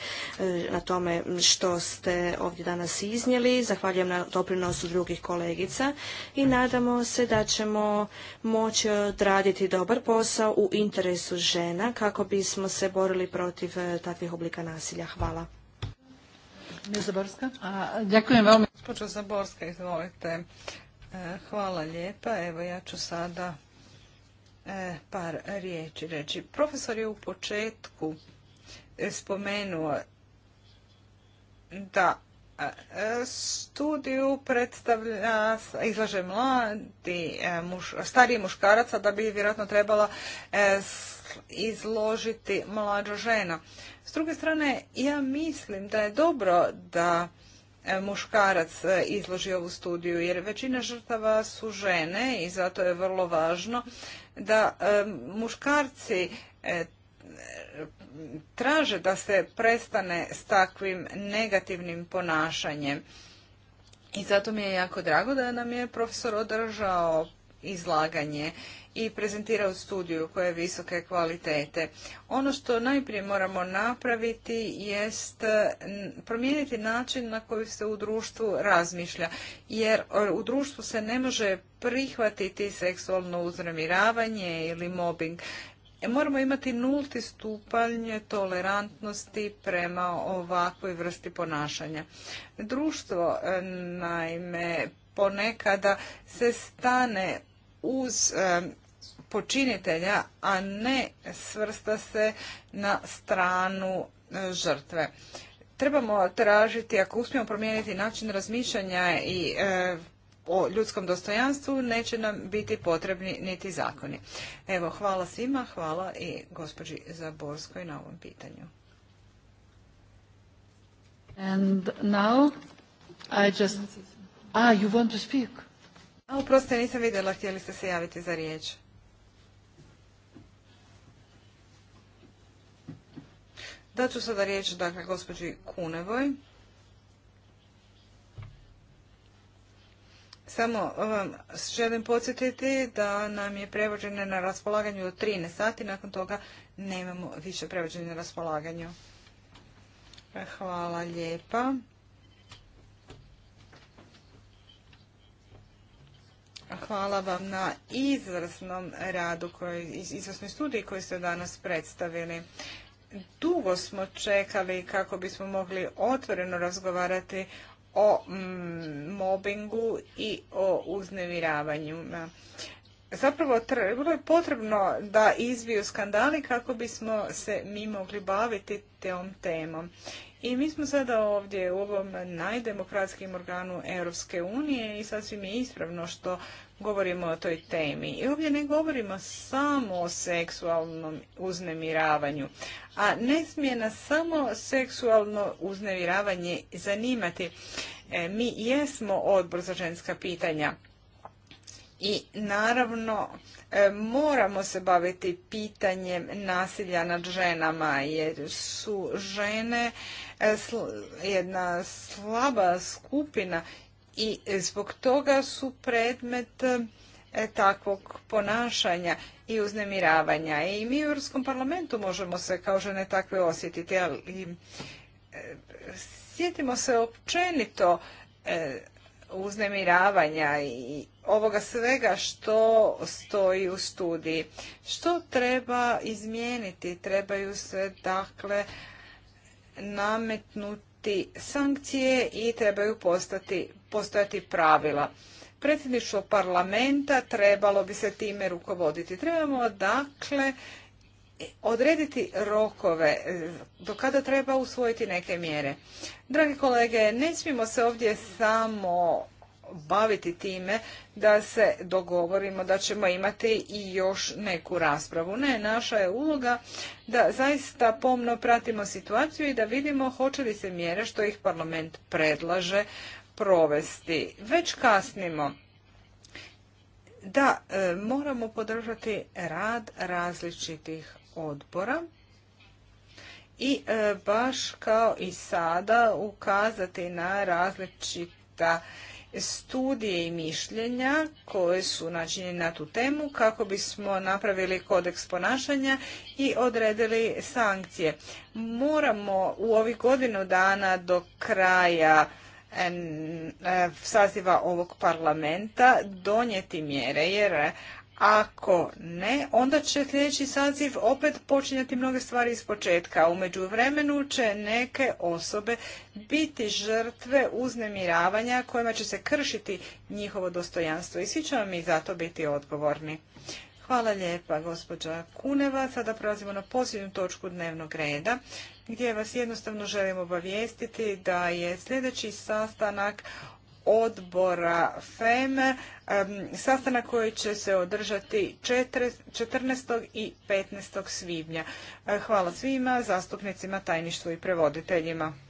na tome što ste ovdje danas iznijeli, zahvaljujem na doprinosu drugih kolegica i nadamo se da ćemo moći odraditi dobar posao u interesu žena kako bismo se borili protiv takvih oblika nasilja. Hvala. Zaborska. A, ďakujem veľmi. Gospođo Zaborska, izvolite. E, hvala lijepa. Evo ja ću sada e, par riječi reći. Profesor je u početku e, spomenuo da studiju predstavlja, izlaže mladi, muš, stariji muškaraca da bi vjerojatno trebala izložiti mlađa žena. S druge strane, ja mislim da je dobro da e, muškarac e, izloži ovu studiju, jer većina žrtava su žene i zato je vrlo važno da e, muškarci traže da se prestane s takvim negativnim ponašanjem. I zato mi je jako drago da nam je profesor održao izlaganje i prezentirao studiju koje je visoke kvalitete. Ono što najprije moramo napraviti jest promijeniti način na koji se u društvu razmišlja, jer e, u društvu se ne može prihvatiti seksualno uznemiravanje ili mobbing. E, moramo imati nulti stupanj tolerantnosti prema ovakvoj vrsti ponašanja. Društvo, e, naime, ponekada se stane uz e, počinitelja, a ne svrsta se na stranu e, žrtve. Trebamo tražiti, ako uspijemo promijeniti način razmišljanja i e, o ljudskom dostojanstvu, neće nam biti potrebni niti zakoni. Evo, hvala svima, hvala i gospođi Zaborskoj na ovom pitanju. I a, you want to speak? A, uproste, nisam vidjela, htjeli ste se javiti za riječ. Daću ću sada riječ, dakle, gospođi Kunevoj. Samo vam um, želim podsjetiti da nam je prevođenje na raspolaganju do 13 sati, nakon toga nemamo više prevođenja na raspolaganju. Hvala lijepa. Hvala vam na izvrsnom radu, izvrsnoj studiji koju ste danas predstavili. Dugo smo čekali kako bismo mogli otvoreno razgovarati o mm, mobingu i o uznemiravanju. Zapravo bilo je potrebno da izviju skandali kako bismo se mi mogli baviti tom temom. I mi smo sada ovdje u ovom najdemokratskim organu Europske unije i sasvim je ispravno što govorimo o toj temi. I ovdje ne govorimo samo o seksualnom uznemiravanju, a ne smije nas samo seksualno uznemiravanje zanimati. E, mi jesmo odbor za ženska pitanja i naravno e, moramo se baviti pitanjem nasilja nad ženama jer su žene E, jedna slaba skupina i zbog toga su predmet e, takvog ponašanja i uznemiravanja. I mi u Europskom parlamentu možemo se kao žene takve osjetiti, ali e, sjetimo se općenito uznemiravanja i ovoga svega što stoji u studiji. Što treba izmijeniti? Trebaju se dakle nametnuti sankcije i trebaju postati, postojati pravila. Predsjedništvo parlamenta trebalo bi se time rukovoditi. Trebamo dakle odrediti rokove do kada treba usvojiti neke mjere. Dragi kolege, ne smijemo se ovdje samo baviti time da se dogovorimo da ćemo imati i još neku raspravu. Ne, naša je uloga da zaista pomno pratimo situaciju i da vidimo hoće li se mjere što ih parlament predlaže provesti. Već kasnimo. Da, e, moramo podržati rad različitih odbora i e, baš kao i sada ukazati na različita studije i mišljenja koje su načinjeni na tu temu kako bismo napravili kodeks ponašanja i odredili sankcije. Moramo u ovih godinu dana do kraja saziva ovog parlamenta donijeti mjere jer ako ne, onda će sljedeći saziv opet počinjati mnoge stvari iz početka. Umeđu vremenu će neke osobe biti žrtve uznemiravanja kojima će se kršiti njihovo dostojanstvo i svi ćemo mi za to biti odgovorni. Hvala lijepa, gospođa Kuneva. Sada prelazimo na posljednju točku dnevnog reda, gdje vas jednostavno želim obavijestiti da je sljedeći sastanak odbora FEM, e sastanak koji će se održati 14. i 15. svibnja. E, hvala svima, zastupnicima, tajništvu i prevoditeljima.